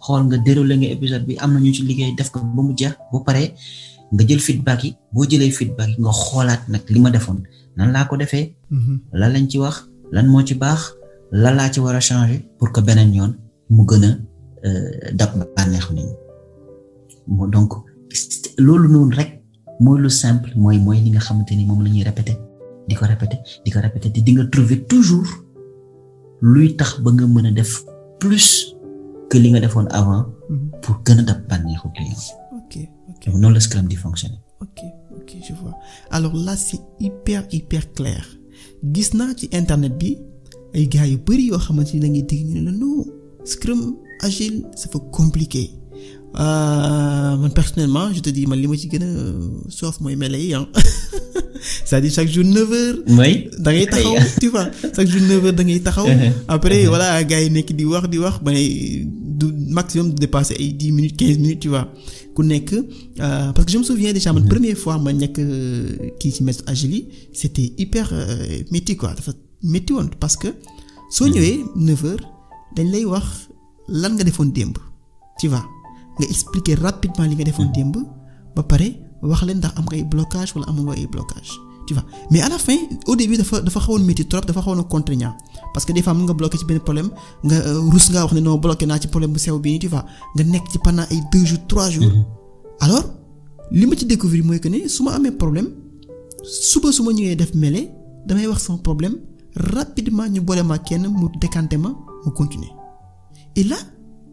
xol nga déroulé nga épisode bi am na ñu ci liggéey def ko ba mu jeex bu paree nga jël feedback yi boo jëlee feedback yi nga xoolaat nag li ma defoon nan laa ko defee mhm. la lañ ci wax lan moo ci baax lan laa ci war a changer pour que beneen yoon mu gën a euh, dab bànneex donc loolu noonu rek mooy lu simple mooy mooy li nga xamante ni moom la ñuy répéter di ko répéter di ko répéter te di nga trouver toujours luy tax ba nga mën def plus que li nga defoon avant. pour gën a dab bànneexu client. ok ok donc noonu la Scrum di fonctionner. ok ok je vois alors là c'est hyper hyper clair gis naa ci internet bi ay gars yu bari yoo xamante ni da ngay dégg ñu ne la non Scrum agile c'est compliqué euh, man personnellement je te dis man li ma ci gën a euh, soof mooy mele yi hein. ah. <laughs> c'est-à-dire chaque jour 9 heures. mooy da ngay taxaw <laughs> tu vois chaque jour 9 heures da ngay taxaw. <laughs> après voilà gars yi nekk di wax di wax ba du maximum dépasser 10 minutes 15 minutes tu vois ku que euh, parce que je me souviens déjà man mhm. première fois ma que euh, qui ci met à c'était hyper euh, mythique quoi dafa parce que soo mhm. ñëwee neuf heures dañ lay wax lan nga defoon demb tu vois nga expliquer rapidement li nga defoon mhm. demb ba paré wax leen ndax am nga blocage wala am blocage tu vois mais à la fin au début dafa dafa qu'on métier trop dafa xawone contraignant parce que des fois mun nga bloqué ci benn problème nga euh, rus nga wax ne non bloqué naa ci problème bu sew bii tu vois nga nekk ci pendant ay deux jours trois jours. Mm-hmm. alors li ma ci découvrir mooy que ne su ma amee problème suba suma ñu ñëwee def mêlée damay wax sama problème rapidement ñu boole ma kenn mu décanté ma mu continuer et là.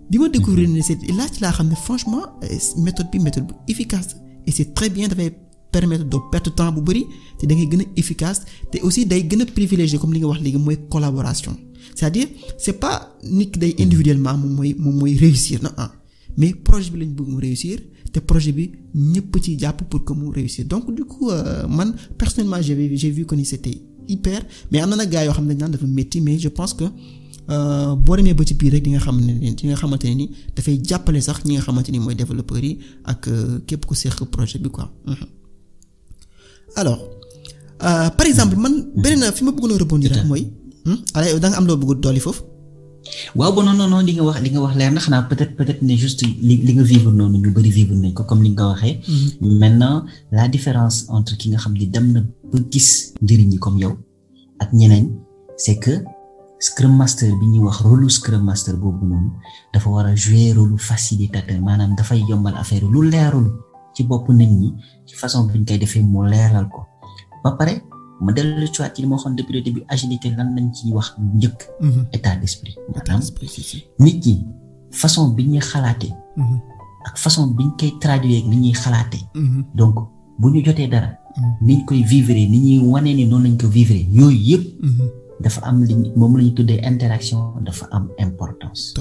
bi ma découvrir mm-hmm. ne c'est là ci laa xam ne franchement euh, méthode bi méthode bu efficace et c'est très bien dafay permettre doo perte temps bu bari te da ngay gën a efficace te aussi day gën a comme li nga wax léegi mooy collaboration c'est-à-dire c'est pas nit day individuellement moom mooy moom mooy réussir na ah mais projet bi lañ bëgg mu réussir te projet bi ñëpp ci jàpp pour que mu réussir donc du coup euh, man personnellement j'ai j'ai vu que ni c'était hyper mais am na nag gars yoo xam ne naan dafa métti mais je pense que euh, boo demee ba ci biir rek di nga xam ne di nga xamante ne ni dafay jàppale sax ñi nga xamante ni mooy développeurs yi ak euh, képp ku seq projet bi quoi. Hum, hum alors euh, par exemple man. beneen fi ma bëggoon a rebondir rek mooy. Hmm? ala da nga am loo dolli waaw non non nga wax nga wax na peut-être peut-être ne juste li nga vivre comme li nga hmm. maintenant la différence entre ki nga xam que dem na comme yow ak c'est que Scrum Master bi wax rôle Scrum Master boobu dafa war jouer rôle facilitateur maanaam dafay yombal affaire lu leerul. ci bopp nit ñi ci façon biñ koy defee mu leeral ko ba pare ma dellu ci waat ci li ma waxoon depuis le début agilité lan lañ ciy wax mhm. nit ñi façon bi ñuy xalaatee. Mhm. ak façon biñ koy traduire ni ñuy xalaatee. Mhm. donc bu ñu jotee dara. niñ koy vivre ni ñuy wane ni noonu lañ ko vivre yooyu yëpp. dafa am li moom la ñu tuddee interaction dafa am importance.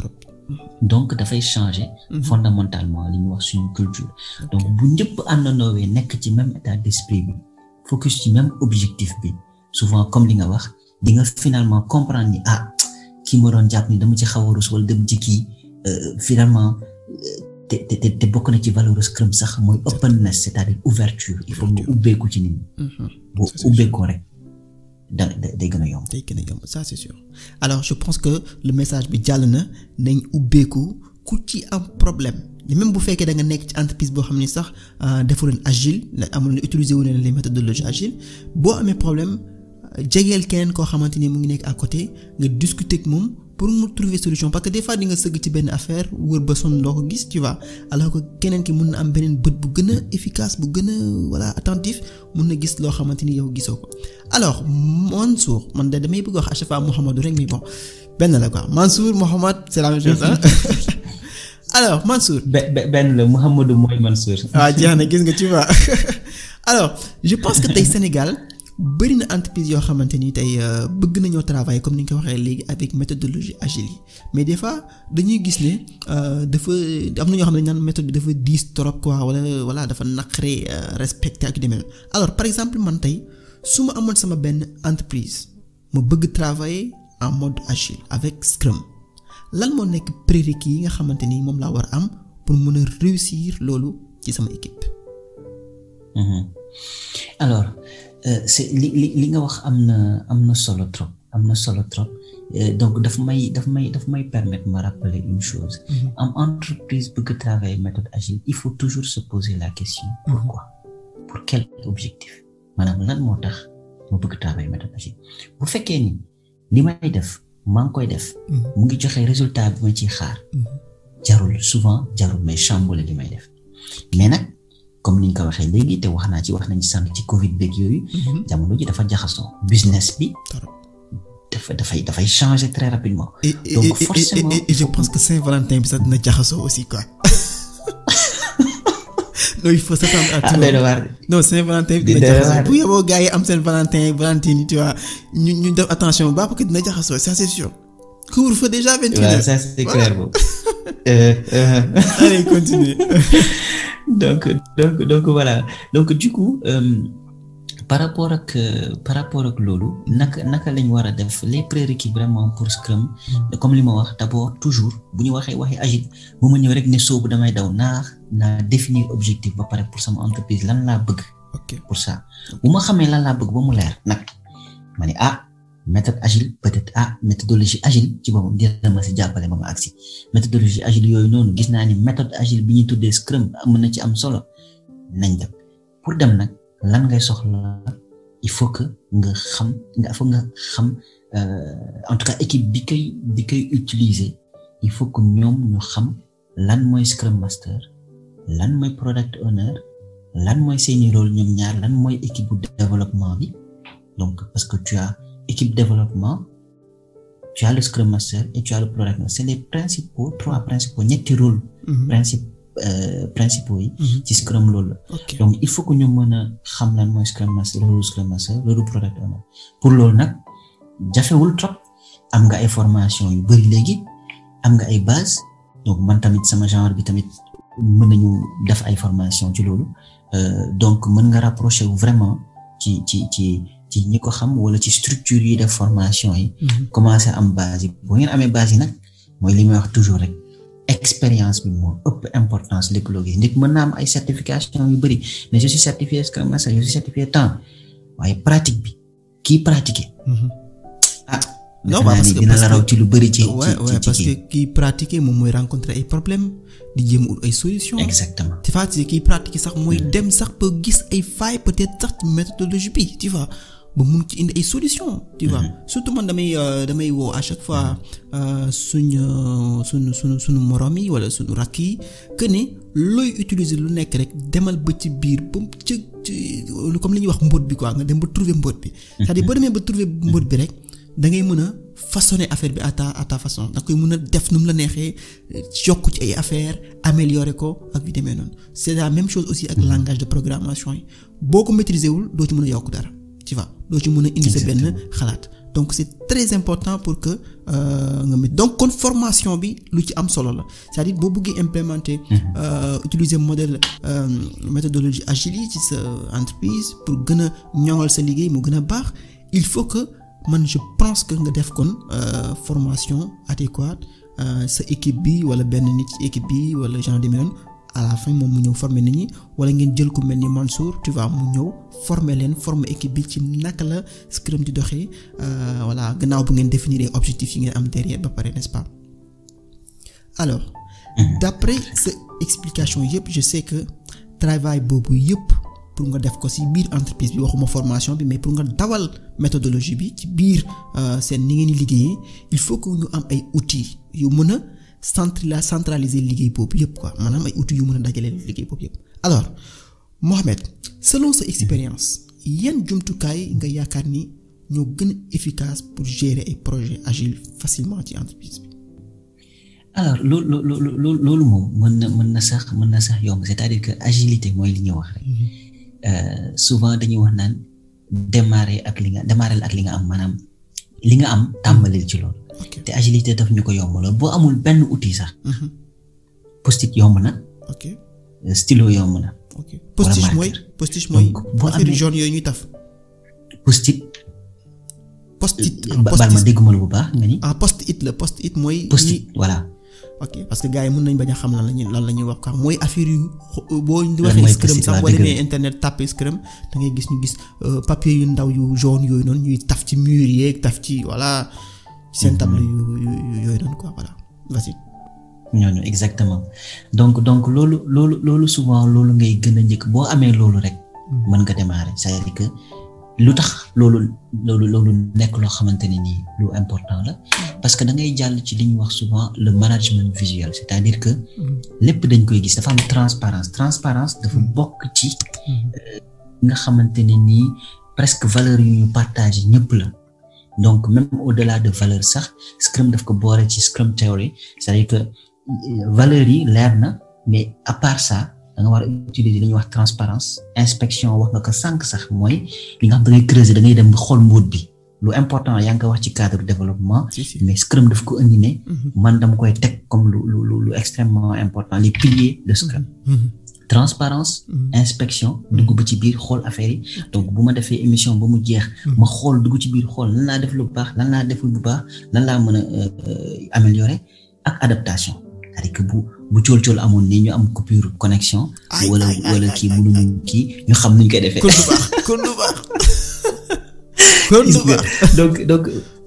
donc dafay changer mhm. fondamentalement li ñu wax suñu culture donc bu ñëpp àndandoowee nekk ci même état d'esprit bi focus ci même objectif bi souvent comme li nga wax di nga finalement comprendre ni ah ki ma doon jàpp ni dama ci xaw a rus wala dem ci kii euh, finalement euh, te te te bokk na ci valeur crème sax mooy openness c'est-à-dire ouverture il faut nga ubbeeku ci nit ñi mhm. boo ubbeekoo rek day gën a yomb. day gën a yomb ça c'est sûr alors je pense que le message bi jàll na nañ ubbeeku ku ci am problème même bu fekkee da nga nekk ci entreprise boo xam ne sax ah, defu leen agile amul na utilisé wu leen les méthodologies agile boo amee problème jegeel keneen koo xamante ni mu ngi nekk à côté nga discuter ak moom pour mu trouver solution parce que des fois di nga ci benn affaire wër ba son tu vois alors que ki am efficace bu voilà attentif yow alors Mansour man de wax bon quoi Mansour c'est la même hein. chose <laughs> alors Mansour. Ben, le Mansour. Ah, nga tu vois <laughs> alors je pense que tey Sénégal bari na entreprise yoo xamante ni tey euh, bëgg nañoo travailler comme ni nga ko waxee léegi avec méthodologie agile yi mais des fois dañuy gis ne euh, dafa am na ñoo xam ne naan méthode bi dafa diis trop quoi wala wala dafa naqaree euh, respecté ak yu demee alors par exemple man tey su ma amoon sama benn entreprise ma bëgg travailler en mode agile avec Scrum lan moo nekk prérequis yi nga xamante ni moom laa war am pour mën a réussir loolu ci sama équipe. Mhm. alors c'est eh, li li li nga wax solo trop solo eh, donc daf may daf may daf may rappeler une chose mhm. am entreprise bëgg travailler méthode agile il faut toujours se poser la question mhm. pourquoi pour quel objectif madame lan moo tax travailler méthode agile bu fekkee ni li may def maa koy def mhm. mu ngi résultat bi xaar jarul souvent jarul may chambouler li may def waxee léegi te wax naa ci wax nañ sànq ci Covid beeg yoyu mhm. jamono ji dafa jaxaso business bi. dafa dafay dafay changer très rapidement. donc forcément et je pense que Saint-Valentin bi sax dina jaxaso aussi quoi. <laughs> non il faut s'attendre à ah, tout hein. non Saint-Valentin bi dina jaxaso bu yeboo gars yi am seen Valentin Valentine tu vois ñu ñu def attention bu baax que dina jaxaso ça c'est sûr. couvre-feu déjà vingt et ça c'est clair boobu. <laughs> Euh, euh... <laughs> Allez, continue. <laughs> donc, donc, donc, voilà. Donc, du coup, euh, par rapport à que, par rapport à Lolo, naka, naka def, les prérequis vraiment pour Scrum, comme les mots, d'abord, toujours, vous n'y avez pas agile, vous m'en avez pas dans mes dents, n'a, définir objectif, bah, pareil pour sa entreprise, l'an la bug. Ok. Pour ça. Vous m'en savez l'an la bug, bon, l'air, n'a. Mani, ah, méthode agile peut-être ah méthodologie agile ci dire dina ma déjà jàppale ba ma agsi méthodologie agile yoy y gis une ni méthode agile bi ñuy tuddé scrum mën na ci am solo nañ dem pour dem nak lan ngay soxla il faut que nga xam nga faut nga xam euh, en tout cas équipe bi kay di utiliser il faut que ñom ñu xam lan moy scrum master lan moy product owner lan moy seeni rôle ñom ñaar lan moy équipe de développement bi donc parce que tu as équipe développement tu as le scrum master et tu as le product master c'est les principaux trois principaux ñetti rôle mhm. principe euh, principaux yi mhm. ci scrum donc il faut que nous mën xam lan scrum master le scrum master le product owner pour loolu nag jafewul trop am nga ay formation yu bëri léegi am nga ay base donc man tamit sama genre bi tamit mën nañu def ay formation ci euh, donc meun nga rapprocher vraiment ci ci ci ci ñi ko xam wala ci structure yi def formation yi mhm. commencé am base yi bu ngeen amee base yi nag mooy li wax toujours rek expérience bi moo ëpp importance lépp loo gis nit mën naa am ay certification yu bëri ne je suis certifié Scrum Master je suis certifié temps waaye pratique mhm. ah, ci ci ci parce pratiquer moom mooy rencontrer ay problèmes di jéem ut ay solutions exactement tu vois kii pratiquer sax mooy mm. dem sax ba gis ay failles peut-être sax ci méthodologie bi tu vois ba mun ci ay solution tu vois surtout man damay damay woo à chaque fois son, son, son, son morami ou wala son rakk yi que ne looy utiliser lu nekk rek demal ba ci biir ba comme les gens wax mbóot bi quoi nga dem ba trouver mbóot bi c'est-à-dire boo demee ba trouver mbóot bi rek da ngay mën a façonner affaire bi à ta à ta façon da koy mën a def num la nexé eh, yokk ci ay affaire améliorer ko ak yu demee c'est la même chose aussi ak mhm. langage de programmation yi boo ko maîtriser wul doo ci mën yok yokk dara doo ci mën a indi sa benn xalaat donc c'est très important pour que euh, nga euh, donc kon formation bi lu ci am solo la c'est-à-dire boo bëggee implémenter mhm. euh, utiliser modèle euh, méthodologie agile yi ci sa entreprise pour gën a ñoŋal sa liggéey mu gën a baax il faut que man je pense que nga def kon euh, formation adéquate euh, sa équipe bi wala benn nit ci équipe bi wala genre de à la fin moom mu ñëw former nit wala ngeen jël ku mel ni Mansour tu vois mu ñëw former leen former équipe bi ci naka la scrum di doxee euh, voilà gannaaw bu ngeen définir les objectifs yi ngeen am derrière ba pare n'est-ce pas alors mhm. d'après sa explication yëpp je sais que travail boobu yëpp pour nga def ko ci biir entreprise bi waxuma formation bi mais pour nga dawal méthodologie bi ci biir euh, seen ni ngeen liggéeyee il faut que ñu am ay outils yu mën a centre la centraliser liggéey boobu yëpp quoi maanaam ay outils yu mën a dajale liggéey boobu yëpp alors Mohamed selon sa expérience yan jumtukaay nga yaakaar ni ñoo gën a efficace pour gérer ay projet agile facilement ci entreprise bi. alors loolu loolu loolu moom mën na mën na sax mën na sax yomb c'est-à-dire que agilité mooy li ñu wax rek mhm. euh, souvent dañuy wax naan démarrer ak li nga démarrer ak li nga am maanaam li nga am tàmbalil ci loolu. te agilité daf ñu ko yombaloon boo amul benn outil sax. Mhm. post yomb na. ok euh, stylo yomb na. ok post mooy post-it mooy boo amee yooyu ñuy taf. post-it. post-it euh, baal ma dégguma lu baax nga ni. ah post-it la post-it mooy. post-it voilà. ok parce yi mën nañ bañ a xam lan la ñuy la ñuy wax quoi mooy affaire yu euh, boo di waxee scrum sax boo demee internet gis ñu gis papier yu ndaw yu jaune yooyu noonu ñuy taf ci mur yeeg taf ci voilà. seen mhm. tableau yu yooyu noonu quoi voilà vas-y ñooñu exactement donc donc loolu loolu loolu souvent loolu ngay gën a njëkk boo amee loolu rek mhm. mën nga démarrer c'est-à-dire que lu tax loolu loolu loolu nekk loo xamante ne nii lu important la parce que da ngay jàll ci li wax souvent le management visuel c'est-à-dire que mhm. lépp dañ koy gis dafa am transparence transparence dafa bokk ci euh, nga xamante ni nii presque valeur yu ñu partagé ñëpp la donc même au-delà de valeur sax Scrum daf ko boore ci Scrum Theory cest dire que euh, valeurs yi leer na mais à part ça da war a utiliser li ñuy wax transparence inspection wax nga ko sànq sax mooy li nga xam da ngay creuser da ngay dem xool mbóot bi lu important yaa ngi ko wax ci cadre développement mais Scrum daf ko indi mhm. man dama koy teg comme lu lu lu extrêmement important les piliers de Scrum mhm. Mhm. transparence mhm. inspection mhm. dugg ba ci biir xool affaire donc bu ma émission jeex mhm. ma ci lan def lu lan améliorer adaptation bu coupure connexion wala wala kii kii ñu xam koy <laughs> donc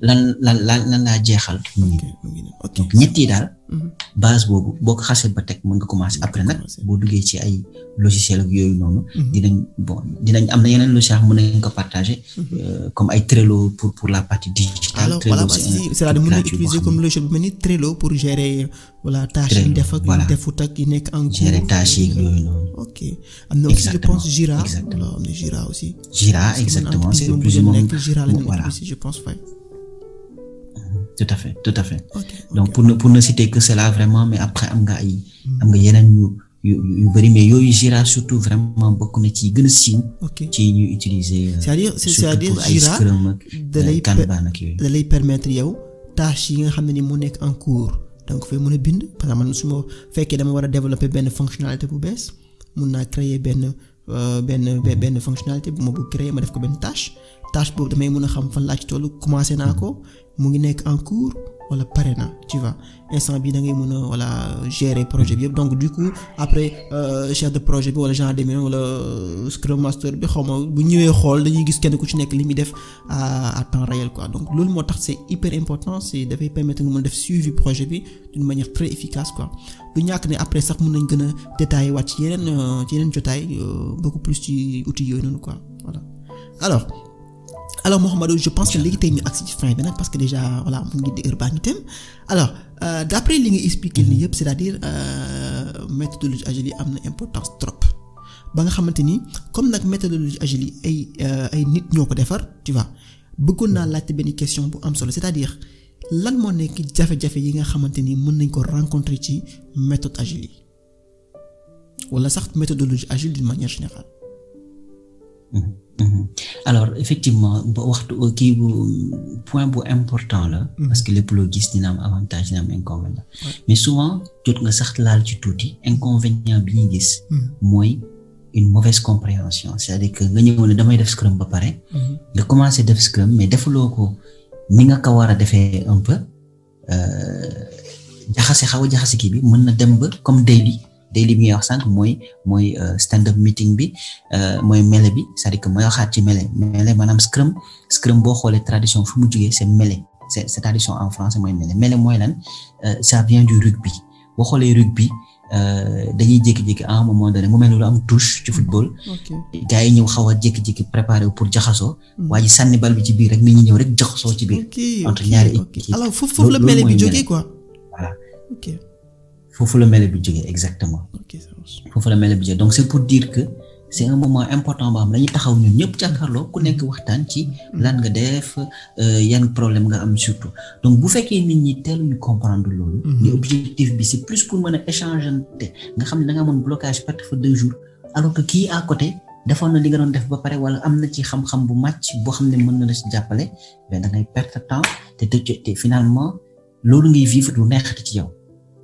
lan lan lan lan laa jeexal. ok ñett yi daal. Mhm. base boobu boo ko xasee ba teg mën nga commencé après nag boo duggee ci ay logiciel ak yooyu noonu. Mhm. dinañ bon dinañ am na yeneen logiciel mën nañ ko partager. Mhm. Euh, comme ay pour pour la partie digitale. Trello c'est à comme logiciel bu mel ni Trello pour gérer. voilà tâches yi def ak yu defut nekk en. gérer tâches yooyu euh, noonu. ok am na aussi exactement exactement c'est plus ou moins voilà. fay. tout à fait tout à fait. Okay, donc pour ne pour ne citer que cela vraiment mais après amga nga ay. am nga yeneen yu yu mais yooyu Jira surtout vraiment beaucoup na ci gëna a ci ñu utiliser. Euh, c'est-à-dire c'est-à-dire Jira euh, da lay permettre yow tâche yi nga xam ne ni mu nekk en cours. donc fay mëna bind par que man su ma fekkee dama wara développer ben fonctionnalité bu bees mun naa créer benn. ben ben fonctionnalité bu ma bu créer ma def ko ben tâche tâche boobu damay mën a xam fan laa ci toll commencé naa ko mu ngi nekk en cours wala pare na tu vois instant bi da ngay mën a voilà gérer projet bi yëpp donc du coup après euh, chef de projet bi wala genre de wala euh, scrum master bi xaw ma bu ñëwee xool dañuy gis kenn ku ci nekk li muy def à temps réel quoi donc loolu moo tax c'est hyper important c'est dafay permettre nga mën a def suivi projet bi d'une manière très efficace quoi du ñàkk ne après sax mën nañ gën a détailler waat ci yeneen euh, ci yeneen jotaay beaucoup plus ci outil yooyu noonu quoi voilà alors alors Mohamedou, je pense que c'est tey ñu agsi frein parce que déjà voilà on est di urbanité alors euh, d'après ce que expliqué c'est-à-dire euh, méthodologie agile a une importance trop ba nga comme la méthodologie agile est euh, une ay nit tu vois bëggoon naa ont question bu am solo c'est-à-dire lan qui nekk jafe fait yi nga xamante ni mën nañ ko rencontrer la méthode agile Ou la méthodologie agile d'une manière générale. Mm-hmm. Mhm. alors effectivement ba waxtu ki bu point bu important la. Mhm. parce que lépp loo gis dina am avantage dina am inconvénient. mais souvent jot nga sax laal ci tuuti inconvénient bi ñuy gis. Mhm. mooy une mauvaise compréhension c'est-à-dire que nga ñëw ne damay def scrum ba pare. nga commencé def scrum mais defuloo ko ni nga ko war a defee un peu euh, jaxase xaw a jaxase kii bi mën na dem ba comme daily day li ñuy wax sànq mooy mooy euh, stand up meeting bi euh, mooy mele bi c'est-à-dire que mooy waxaat ci mele mele maanaam scrum scrum boo xoolee tradition fu mu jugee c'est mele c'est c'est tradition en français mooy mele mele mooy lan euh, ça vient du rugby boo xoolee rugby dañuy jékki-jékki à un moment donné mu mel lu am touche ci football. gars yi ñëw xaw a jékki-jékki préparé pour jaxasoo. Hmm. waa ji sànni bal bi ci biir rek nit ñi ñëw rek jaxasoo ci biir. entre ñaari équipe alors foofu foofu la mele bi jógee quoi. voilà. foofu la mele bi jógee exactement foofu la mele bi jógee donc c'est pour dire que c'est un moment important boo xam dañuy taxaw ñu ñëpp jàkkaarloo ku nekk waxtaan ci lan nga def euh, yan problème nga am surtout donc bu fekkee nit ñi teeluñu comprendre loolu ni mhm. objectif bi c'est plus pour mën a échanger nga xam ne da nga amoon blocage perte fa deux jours kii à côté defoon na li nga doon def ba pare am na ci xam bu màcc boo xam ne mën na la ci jàppale mais da ngay temps te te finalement loolu ngay vivre lu neexati ci yow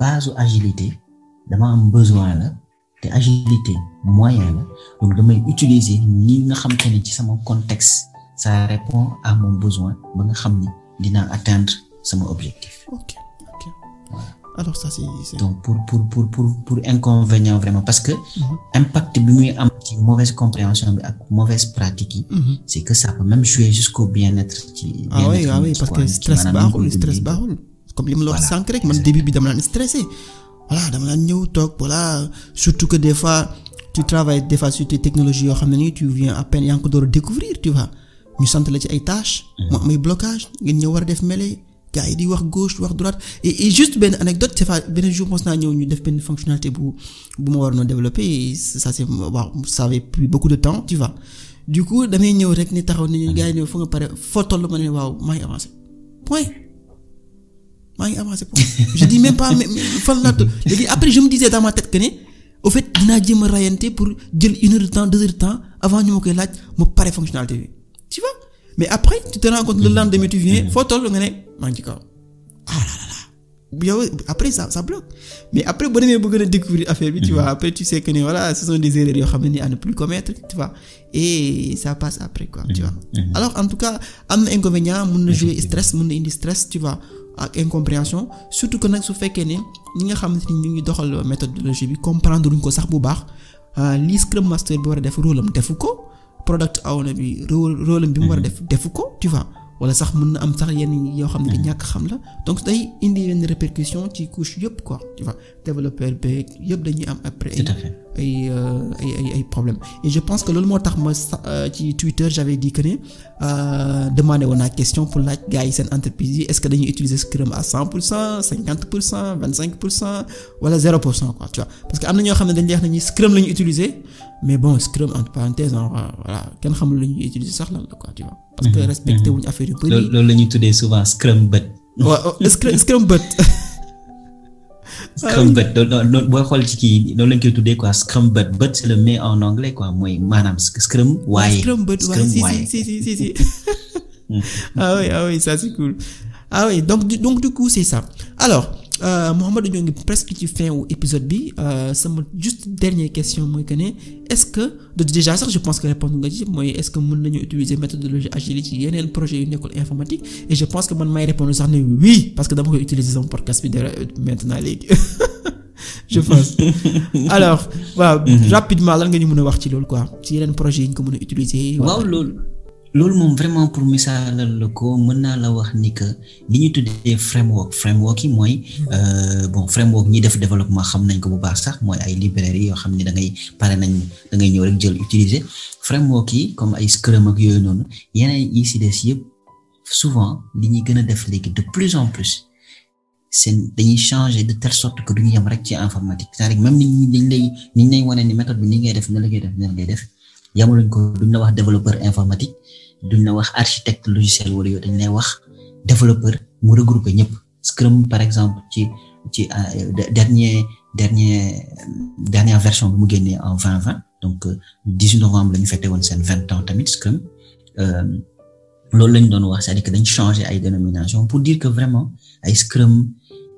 base agilité dama am besoin la té agilité moyen la donc de utiliser ni nga xam ci sama contexte ça répond à mon besoin ba nga xam ni atteindre sama objectif. ok ok voilà. alors ça c'est donc pour pour pour pour pour inconvénient vraiment parce que. Mhm. impact bi muy am ci mauvaise compréhension bi ak mauvaise pratique mhm. c'est que ça peut même jouer jusqu'au bien-être ci. ah oui ah oui parce que stress baaxul stress comme li ma wax sank rek man début bi dama nan stressé voilà dama nan ñëw tok voilà surtout que des fois tu travailles des fois sur tes technologies yoo xam ne tu viens à peine yaa door découvrir tu vois ñu sant la ci ay tâches. Hmm. mu am ay blocages ngeen ñëw war def mêlée gars yi di wax gauche wax droite et et juste ben anecdote c'est fois ben jour pense na ñëw ñu def ben fonctionnalité bu bu ma waroon no développer ça c'est waaw ça avait beaucoup de temps tu vois du coup damay ñëw rek ni taxaw ni gars yi ne fa nga paré foo toll ma ni waaw may avancer point je dis même pas mais après je me disais dans ma tête que au fait je me a pour dire une heure de temps deux heures de temps avant ñu je koy laaj pare fonctionnalité tu vois mais après tu te rends compte le lendemain tu viens photo le nga mangi ah là là après ça ça bloque mais après bon et ba découvrir affaire tu vois après tu sais que voilà ce sont des erreurs à ne plus commettre tu vois et ça passe après quoi tu mmh. vois mmh. alors en tout cas un inconvénient mon jeu jouer stress mon na indi stress tu vois ak incompréhension surtout que nag su fekkee ne ñi nga xam ni ñu ngi doxal méthodologie bi comprendre luñ ko sax bu baax ah, lii Scrum Master bi war a def rôle am defu ko product owner bi rôle am bi mu war a def defu ko tu vois wala sax mën na am sax yenn yoo xam ne hmm. ñàkk xam la donc day indi yenn répercussion ci couche yëpp quoi tu vois développeur beeg yëpp dañuy am après. ay ay ay ay problème et je pense que loolu moo tax ma euh, ci Twitter j'avais dit que ne euh, demandé woon naa question pour laaj gars yi seen entreprise yi est-ce que dañuy utiliser Scrum à 100% pour cent cinquante pour cent pour cent wala 0 pour cent quoi tu vois parce que am na ñoo xam ne dañ lay wax Scrum la ñu utiliser mais bon Scrum entre parenthèses hein, voilà kenn xamul lu ñuy utiliser sax lan la quoi tu vois. parce que mhm, respecté mhm. wuñ affaire yu bëri. loolu la ñuy tuddee souvent Scrum but. Ouais, oh, <laughs> Scrum <laughs> Scrum but Scrum but, on boo xool ci kii loolu lañ koy tuddee quoi Scrum but, but c'est le mais en anglais quoi mooy maanaam Scrum waaye. Scrum but, waaye si si si si <laughs> ah oui ah oui ça c'est cool ah oui donc donc du coup c'est ça alors. Euh, Mohamed, ñoo ngi presque ci fin au épisode bi c'est euh, juste dernière question que est-ce que déjà je pense que répondre nga est est-ce que avons utilisé utiliser méthodologie agile ci un projet yu nekkul informatique et je pense que mon maire répondre sax ne oui parce que dama koy utiliser sama podcast bi euh, maintenant les. <laughs> je pense <laughs> alors voilà, mhm. rapidement lan nga ñu mën a wax ci quoi projet yi ñu ko utiliser waaw loolu moom vraiment pour misaalal la ko mën naa la wax ni que li ñu tuddee framework framework yi mooy mhm. euh, bon framework ñi def développement xam nañ ko bu baax sax mooy ay librairie yoo xam ne da ngay pare nañ da ngay ñëw rek jël utiliser framework yi comme ay Scrum yooyu noonu yeneen yi si des yëpp souvent li ñuy gën a def léegi de plus en plus seen dañuy changer de telle sorte que duñu yem rek ci informatique c'est-à-dire même ni ñu dañ lay ni ñu lay ñu ni def ne la ngay def ne def il ko duñ la wax développeur informatique duñ la wax architecte logiciel wala yow dañ lay wax développeur mu regrouper ñëpp Scrum par exemple ci ci euh, dernier dernier dernière version bi mu génnee en 2020 donc le euh, 18 novembre la ñu fêté woon seen 20 ans tamit Scrum euh, loolu lañ doon wax c'est-à-dire que dañ changer ay dénomination pour dire que vraiment ay Scrum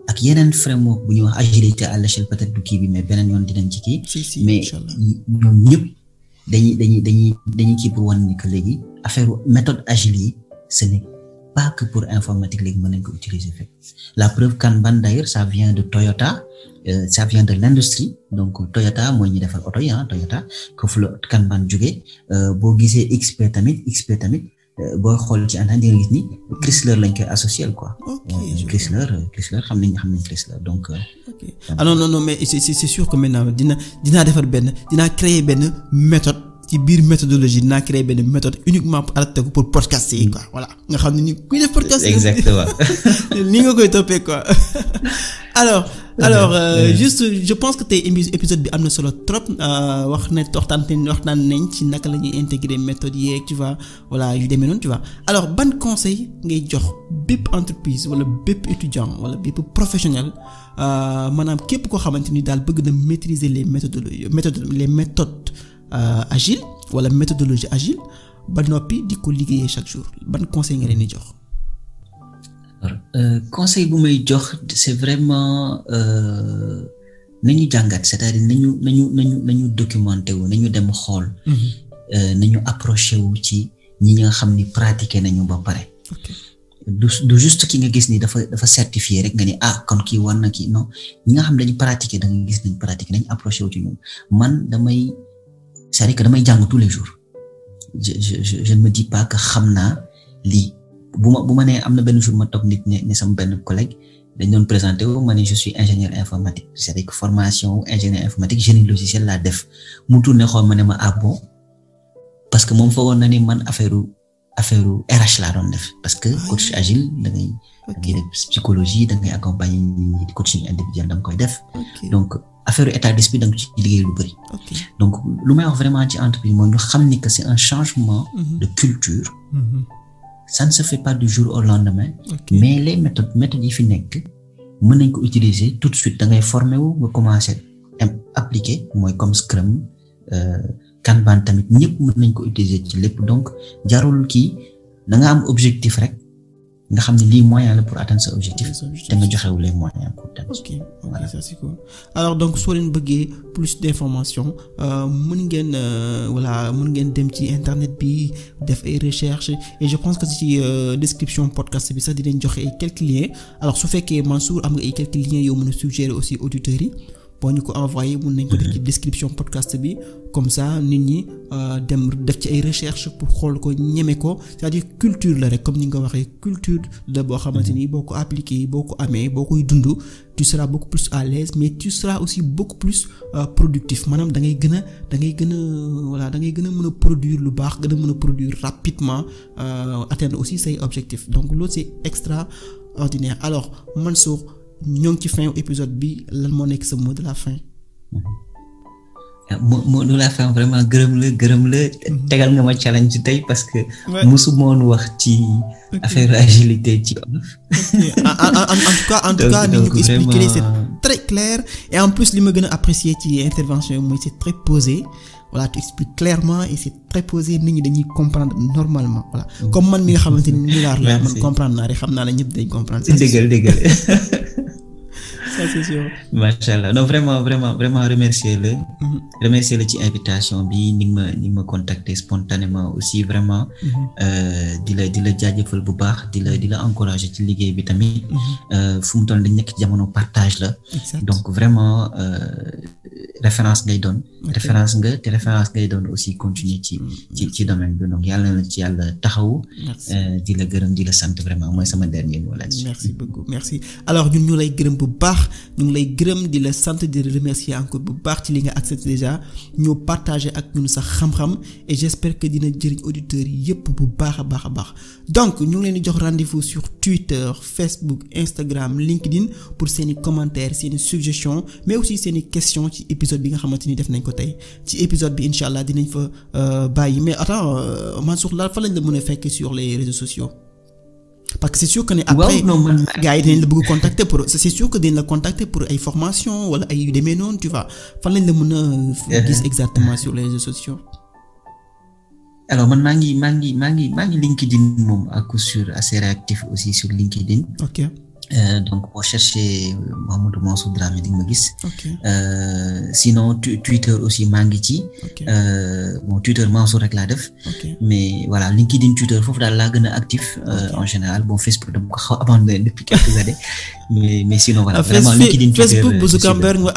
ak yeneen framework bu ñuy wax agilité à l'échelle peut-être du kii mais beneen yoon dinañ ci kii mais ñoom ñëpp dañuy dañuy dañuy dañuy kii pour ni léegi affaire méthode agile yi ce pas que pour informatique léegi mën nañ ko utiliser fépp la preuve Kanban d'ailleurs ça vient de Toyota euh, ça vient de l'industrie donc Toyota mooy ñi defal oto yi ah Toyota ko fu Kanban jógee euh, boo gisee XP tamit tamit boo xol ci anandir nit ni Chrysler lañ koy associé quoi. Euh, Chrysler Chrysler xam nañ xam nañ Chrysler donc. Euh, euh, ah non non non mais c'est c'est sûr que maintenant dina dina defar ben dina créer ben méthode ci biir méthodologie dinaa créer benn méthode uniquement pour adapté ko pour podcast yi quoi voilà nga xam ne ni kuy def podcast. exactement <laughs> ni nga koy toppee quoi <laughs> alors. Euh, alors euh, euh, juste je pense que tey épisode bi am na solo trop wax na waxtaan waxtaan nañ ci naka la ñuy intégrer méthode yeeg tu vois voilà yu demee noonu tu vois alors ban conseil ngay jox bépp entreprise wala bépp étudiant wala bépp professionnel maanaam képp koo xamante ni daal bëgg na maîtriser les méthodes méthodes les méthodes agiles wala méthodologie agile ba noppi di ko liggéeyee chaque jour ban conseil nga leen di jox. Euh, eh, conseil bu may jox c'est vraiment euh, nañu jangat, c'est-à-dire nañu nañu nañu nañu documenter wu nañu dem xol. Mhm. euh, nañu approcher wu ci ñi nga xamni pratiquer nañu ba pare du juste ki nga gis ni dafa dafa certifier rek nga ni ah kon ki won na ki non ñi nga xam dañu pratiquer da nga gis nañu pratiquer nañu approcher wu ci ñun. man damay c'est-à-dire que damay jang tous les jours je, je, je, je ne me dis pas que xamna li bu ma bu ma nee am na benn jour ma toog nit ne ne sama benn collègue dañ doon présenté wu ma ne je suis ingénieur informatique c'est-à-dire que formation ingénieur informatique génie logiciel laa def mu tourné xool ma ne ma ah bon parce que moom foogoon na ni man affaire affaire RH laa doon def parce que coach agile da ngay ngay def psychologie da ngay accompagner nit ñi coaching individuel da nga koy def donc affaire état d'esprit da nga ci liggéey lu bëri donc lu may wax vraiment ci entreprise mooy ñu xam ni que c'est un changement mm-hmm. de culture mm-hmm. ça ne se fait pas du jour au lendemain. Okay. mais les méthodes méthodes yi fi nekk mën nañ ko utiliser tout de suite da ngay wu nga commencé appliquer mooy comme Scrum euh, Kanban tamit ñëpp mën nañ ko utiliser ci lépp donc jarul kii da nga am objectif rek nga xam ne lii moyen la pour atteindre sa objectif te nga joxewu les moyens pour dem ok voilà ça c'est cool alors donc soo leen bëggee plus d'informations euh, mën ngeen euh, voilà mën ngeen dem ci internet bi def ay recherches et je pense que ci euh, description podcast bi sax dinañ joxe ay quelques liens alors su fekkee Mansour am nga ay quelques liens yoo mën a suggérer aussi auditeurs yi boo ñu ko envoyé mun nañ ko def ci mm-hmm. description podcast bi comme ça nit ñi euh, dem def ci ay recherches pour xool ko ñeme ko c'est-à-dire culture la rek comme ni nga waxee culture la boo xamante ni mm-hmm. boo ko appliqué boo ko amee boo koy dund tu seras beaucoup plus à l'aise mais tu seras aussi beaucoup plus euh, productif maanaam da ngay gën a da ngay gën a voilà da ngay gën a mën a produire lu baax gën a mën a produire rapidement euh, atteindre aussi say objectifs donc loolu c'est extraordinaire alors Mansour ñoo ngi ci fin épisode bi lan moo nekk sa mot de la fin. Ah, mo mot de la fin vraiment gërëm la gërëm la. Mhm. tegal nga ma challenge tey parce que. musu mon wax ci affaire agilité ci. Ah, ah, en tout cas en tout cas ni ñu ko expliqué c'est très clair et en plus li ma gën a apprécié ci intervention yi c'est très posé. voilà tu expliques clairement et c'est très posé nit ñi dañuy comprendre normalement voilà mhm. comme man mi nga xamante ni ñu <laughs> man comprendre naa rek xam naa ne dañ comprendre. dëggal dëggal. <laughs> ça c'est sûr. macha allah non vraiment vraiment vraiment remercier la. Mhm. ci invitation bi ni ma ni ma contacter spontanément aussi vraiment. Mhm. Euh, di la di la jaajëfal bu baax di la di la ci liggéey bi tamit. Mhm. Euh, fu mu toll dañ nekk jamono partage la. donc vraiment euh, référence ngay doon. référence nga te référence ngay doon aussi continuer ci ci ci domaine bi donc yàlla na ci yàlla taxaw. di la gërëm di la sant vraiment mooy sama dernier mot là-dessus. merci merci alors ñun ñu gërëm bu baax. baax ñu ngi lay gërëm di la sant di remercier encore bu baax ci li nga accepté déjà ñoo partager ak ñun sax xam-xam et j'espère que dina jëriñ auditeurs yi yépp bu baax a baax a baax donc ñu ngi leen di jox rendez-vous sur Twitter Facebook Instagram LinkedIn pour seeni commentaires seeni suggestions mais aussi seeni questions ci épisode bi nga xamante ni def nañ ko tey ci épisode bi incha allah dinañ fa euh, bàyyi mais attends euh, Mansour la fa lañ la mën a fekk sur les réseaux sociaux parce que c'est sûr que ne après gars ils viennent le bëgg contacter pour c'est sûr que dañ la contacter pour ay formation wala ay yu demee tu vois fan lañ la mën eh, eh. exactement sur les réseaux sociaux alors man mangi mangi mangi mangi LinkedIn mom à coup sûr assez réactif aussi sur LinkedIn ok euh, donc pour chercher, euh, Mahmoud Mansour Dramé di nga ma sinon Twitter aussi Mangiti. ngi Euh, bon Twitter Mansour rek la def. mais voilà LinkedIn Twitter il faut laa gën a actif. Euh, en général bon Facebook dama ko abandonné depuis quelques années <laughs> mais mais sinon voilà. Ah, vraiment LinkedIn Twitter Facebook bu Zuckerberg nga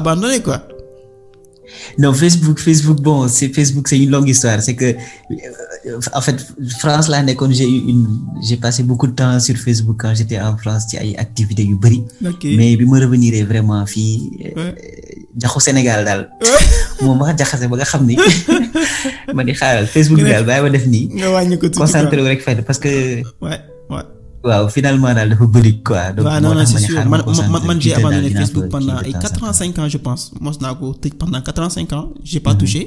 abandonné quoi. Non, Facebook, Facebook, bon, c'est Facebook, c'est une longue histoire. C'est que, euh, en fait, France, là, j'ai une, j'ai passé beaucoup de temps sur Facebook quand j'étais en France, il y a une activité du Mais, puis, me revenir vraiment, fille, ouais. Euh, au Sénégal, dal. Moi, moi, j'ai ba nga xam ni, <laughs> ma di xaaral, Facebook, dal, bàyyi ma def nii. Concentré rek fay, parce que, ouais waaw finalement daal dafa bëri quoi. donc non non c'est sûr man man j'ai abandonné Facebook pendant ay ans ans je pense mos naa ko tëj pendant 45 ans Je ans j'ai pas mhm. touché.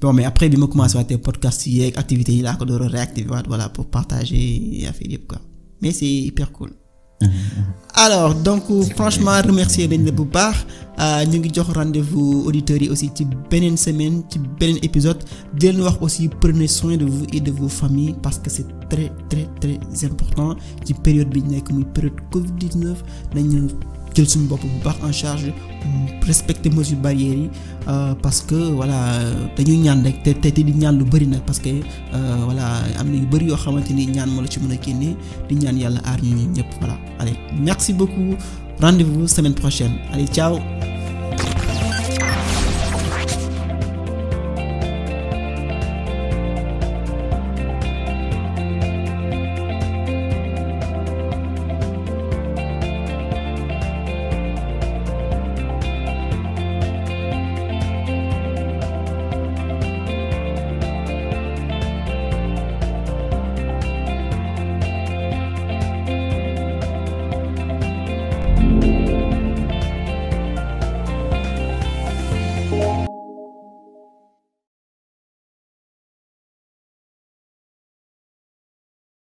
bon mais après bi ma commencé waatee podcast yi ak activités yi laa ko door a réactiver voilà pour partager affaire Philippe, quoi mais c'est hyper cool. Mhm. alors donc franchement remercier les de bu Nous euh, ñu ngi rendez-vous auditeurs yi aussi ci beneen semaine ci beneen épisode dès leen aussi prenez soin de vous et de vos familles parce que c'est très très très important ci période bi période Covid 19 nañu jël suñu bopp bu baax en charge respecter mesures barrières yi euh, parce que voilà dañuy ñaan rek te te di ñaan lu bëri nag parce que euh, voilà am na yu bëri yoo xamante ni ñaan moo la ci mën a di ñaan yàlla aar ñu ñëpp voilà allez merci beaucoup rendez-vous semaine prochaine allez ciao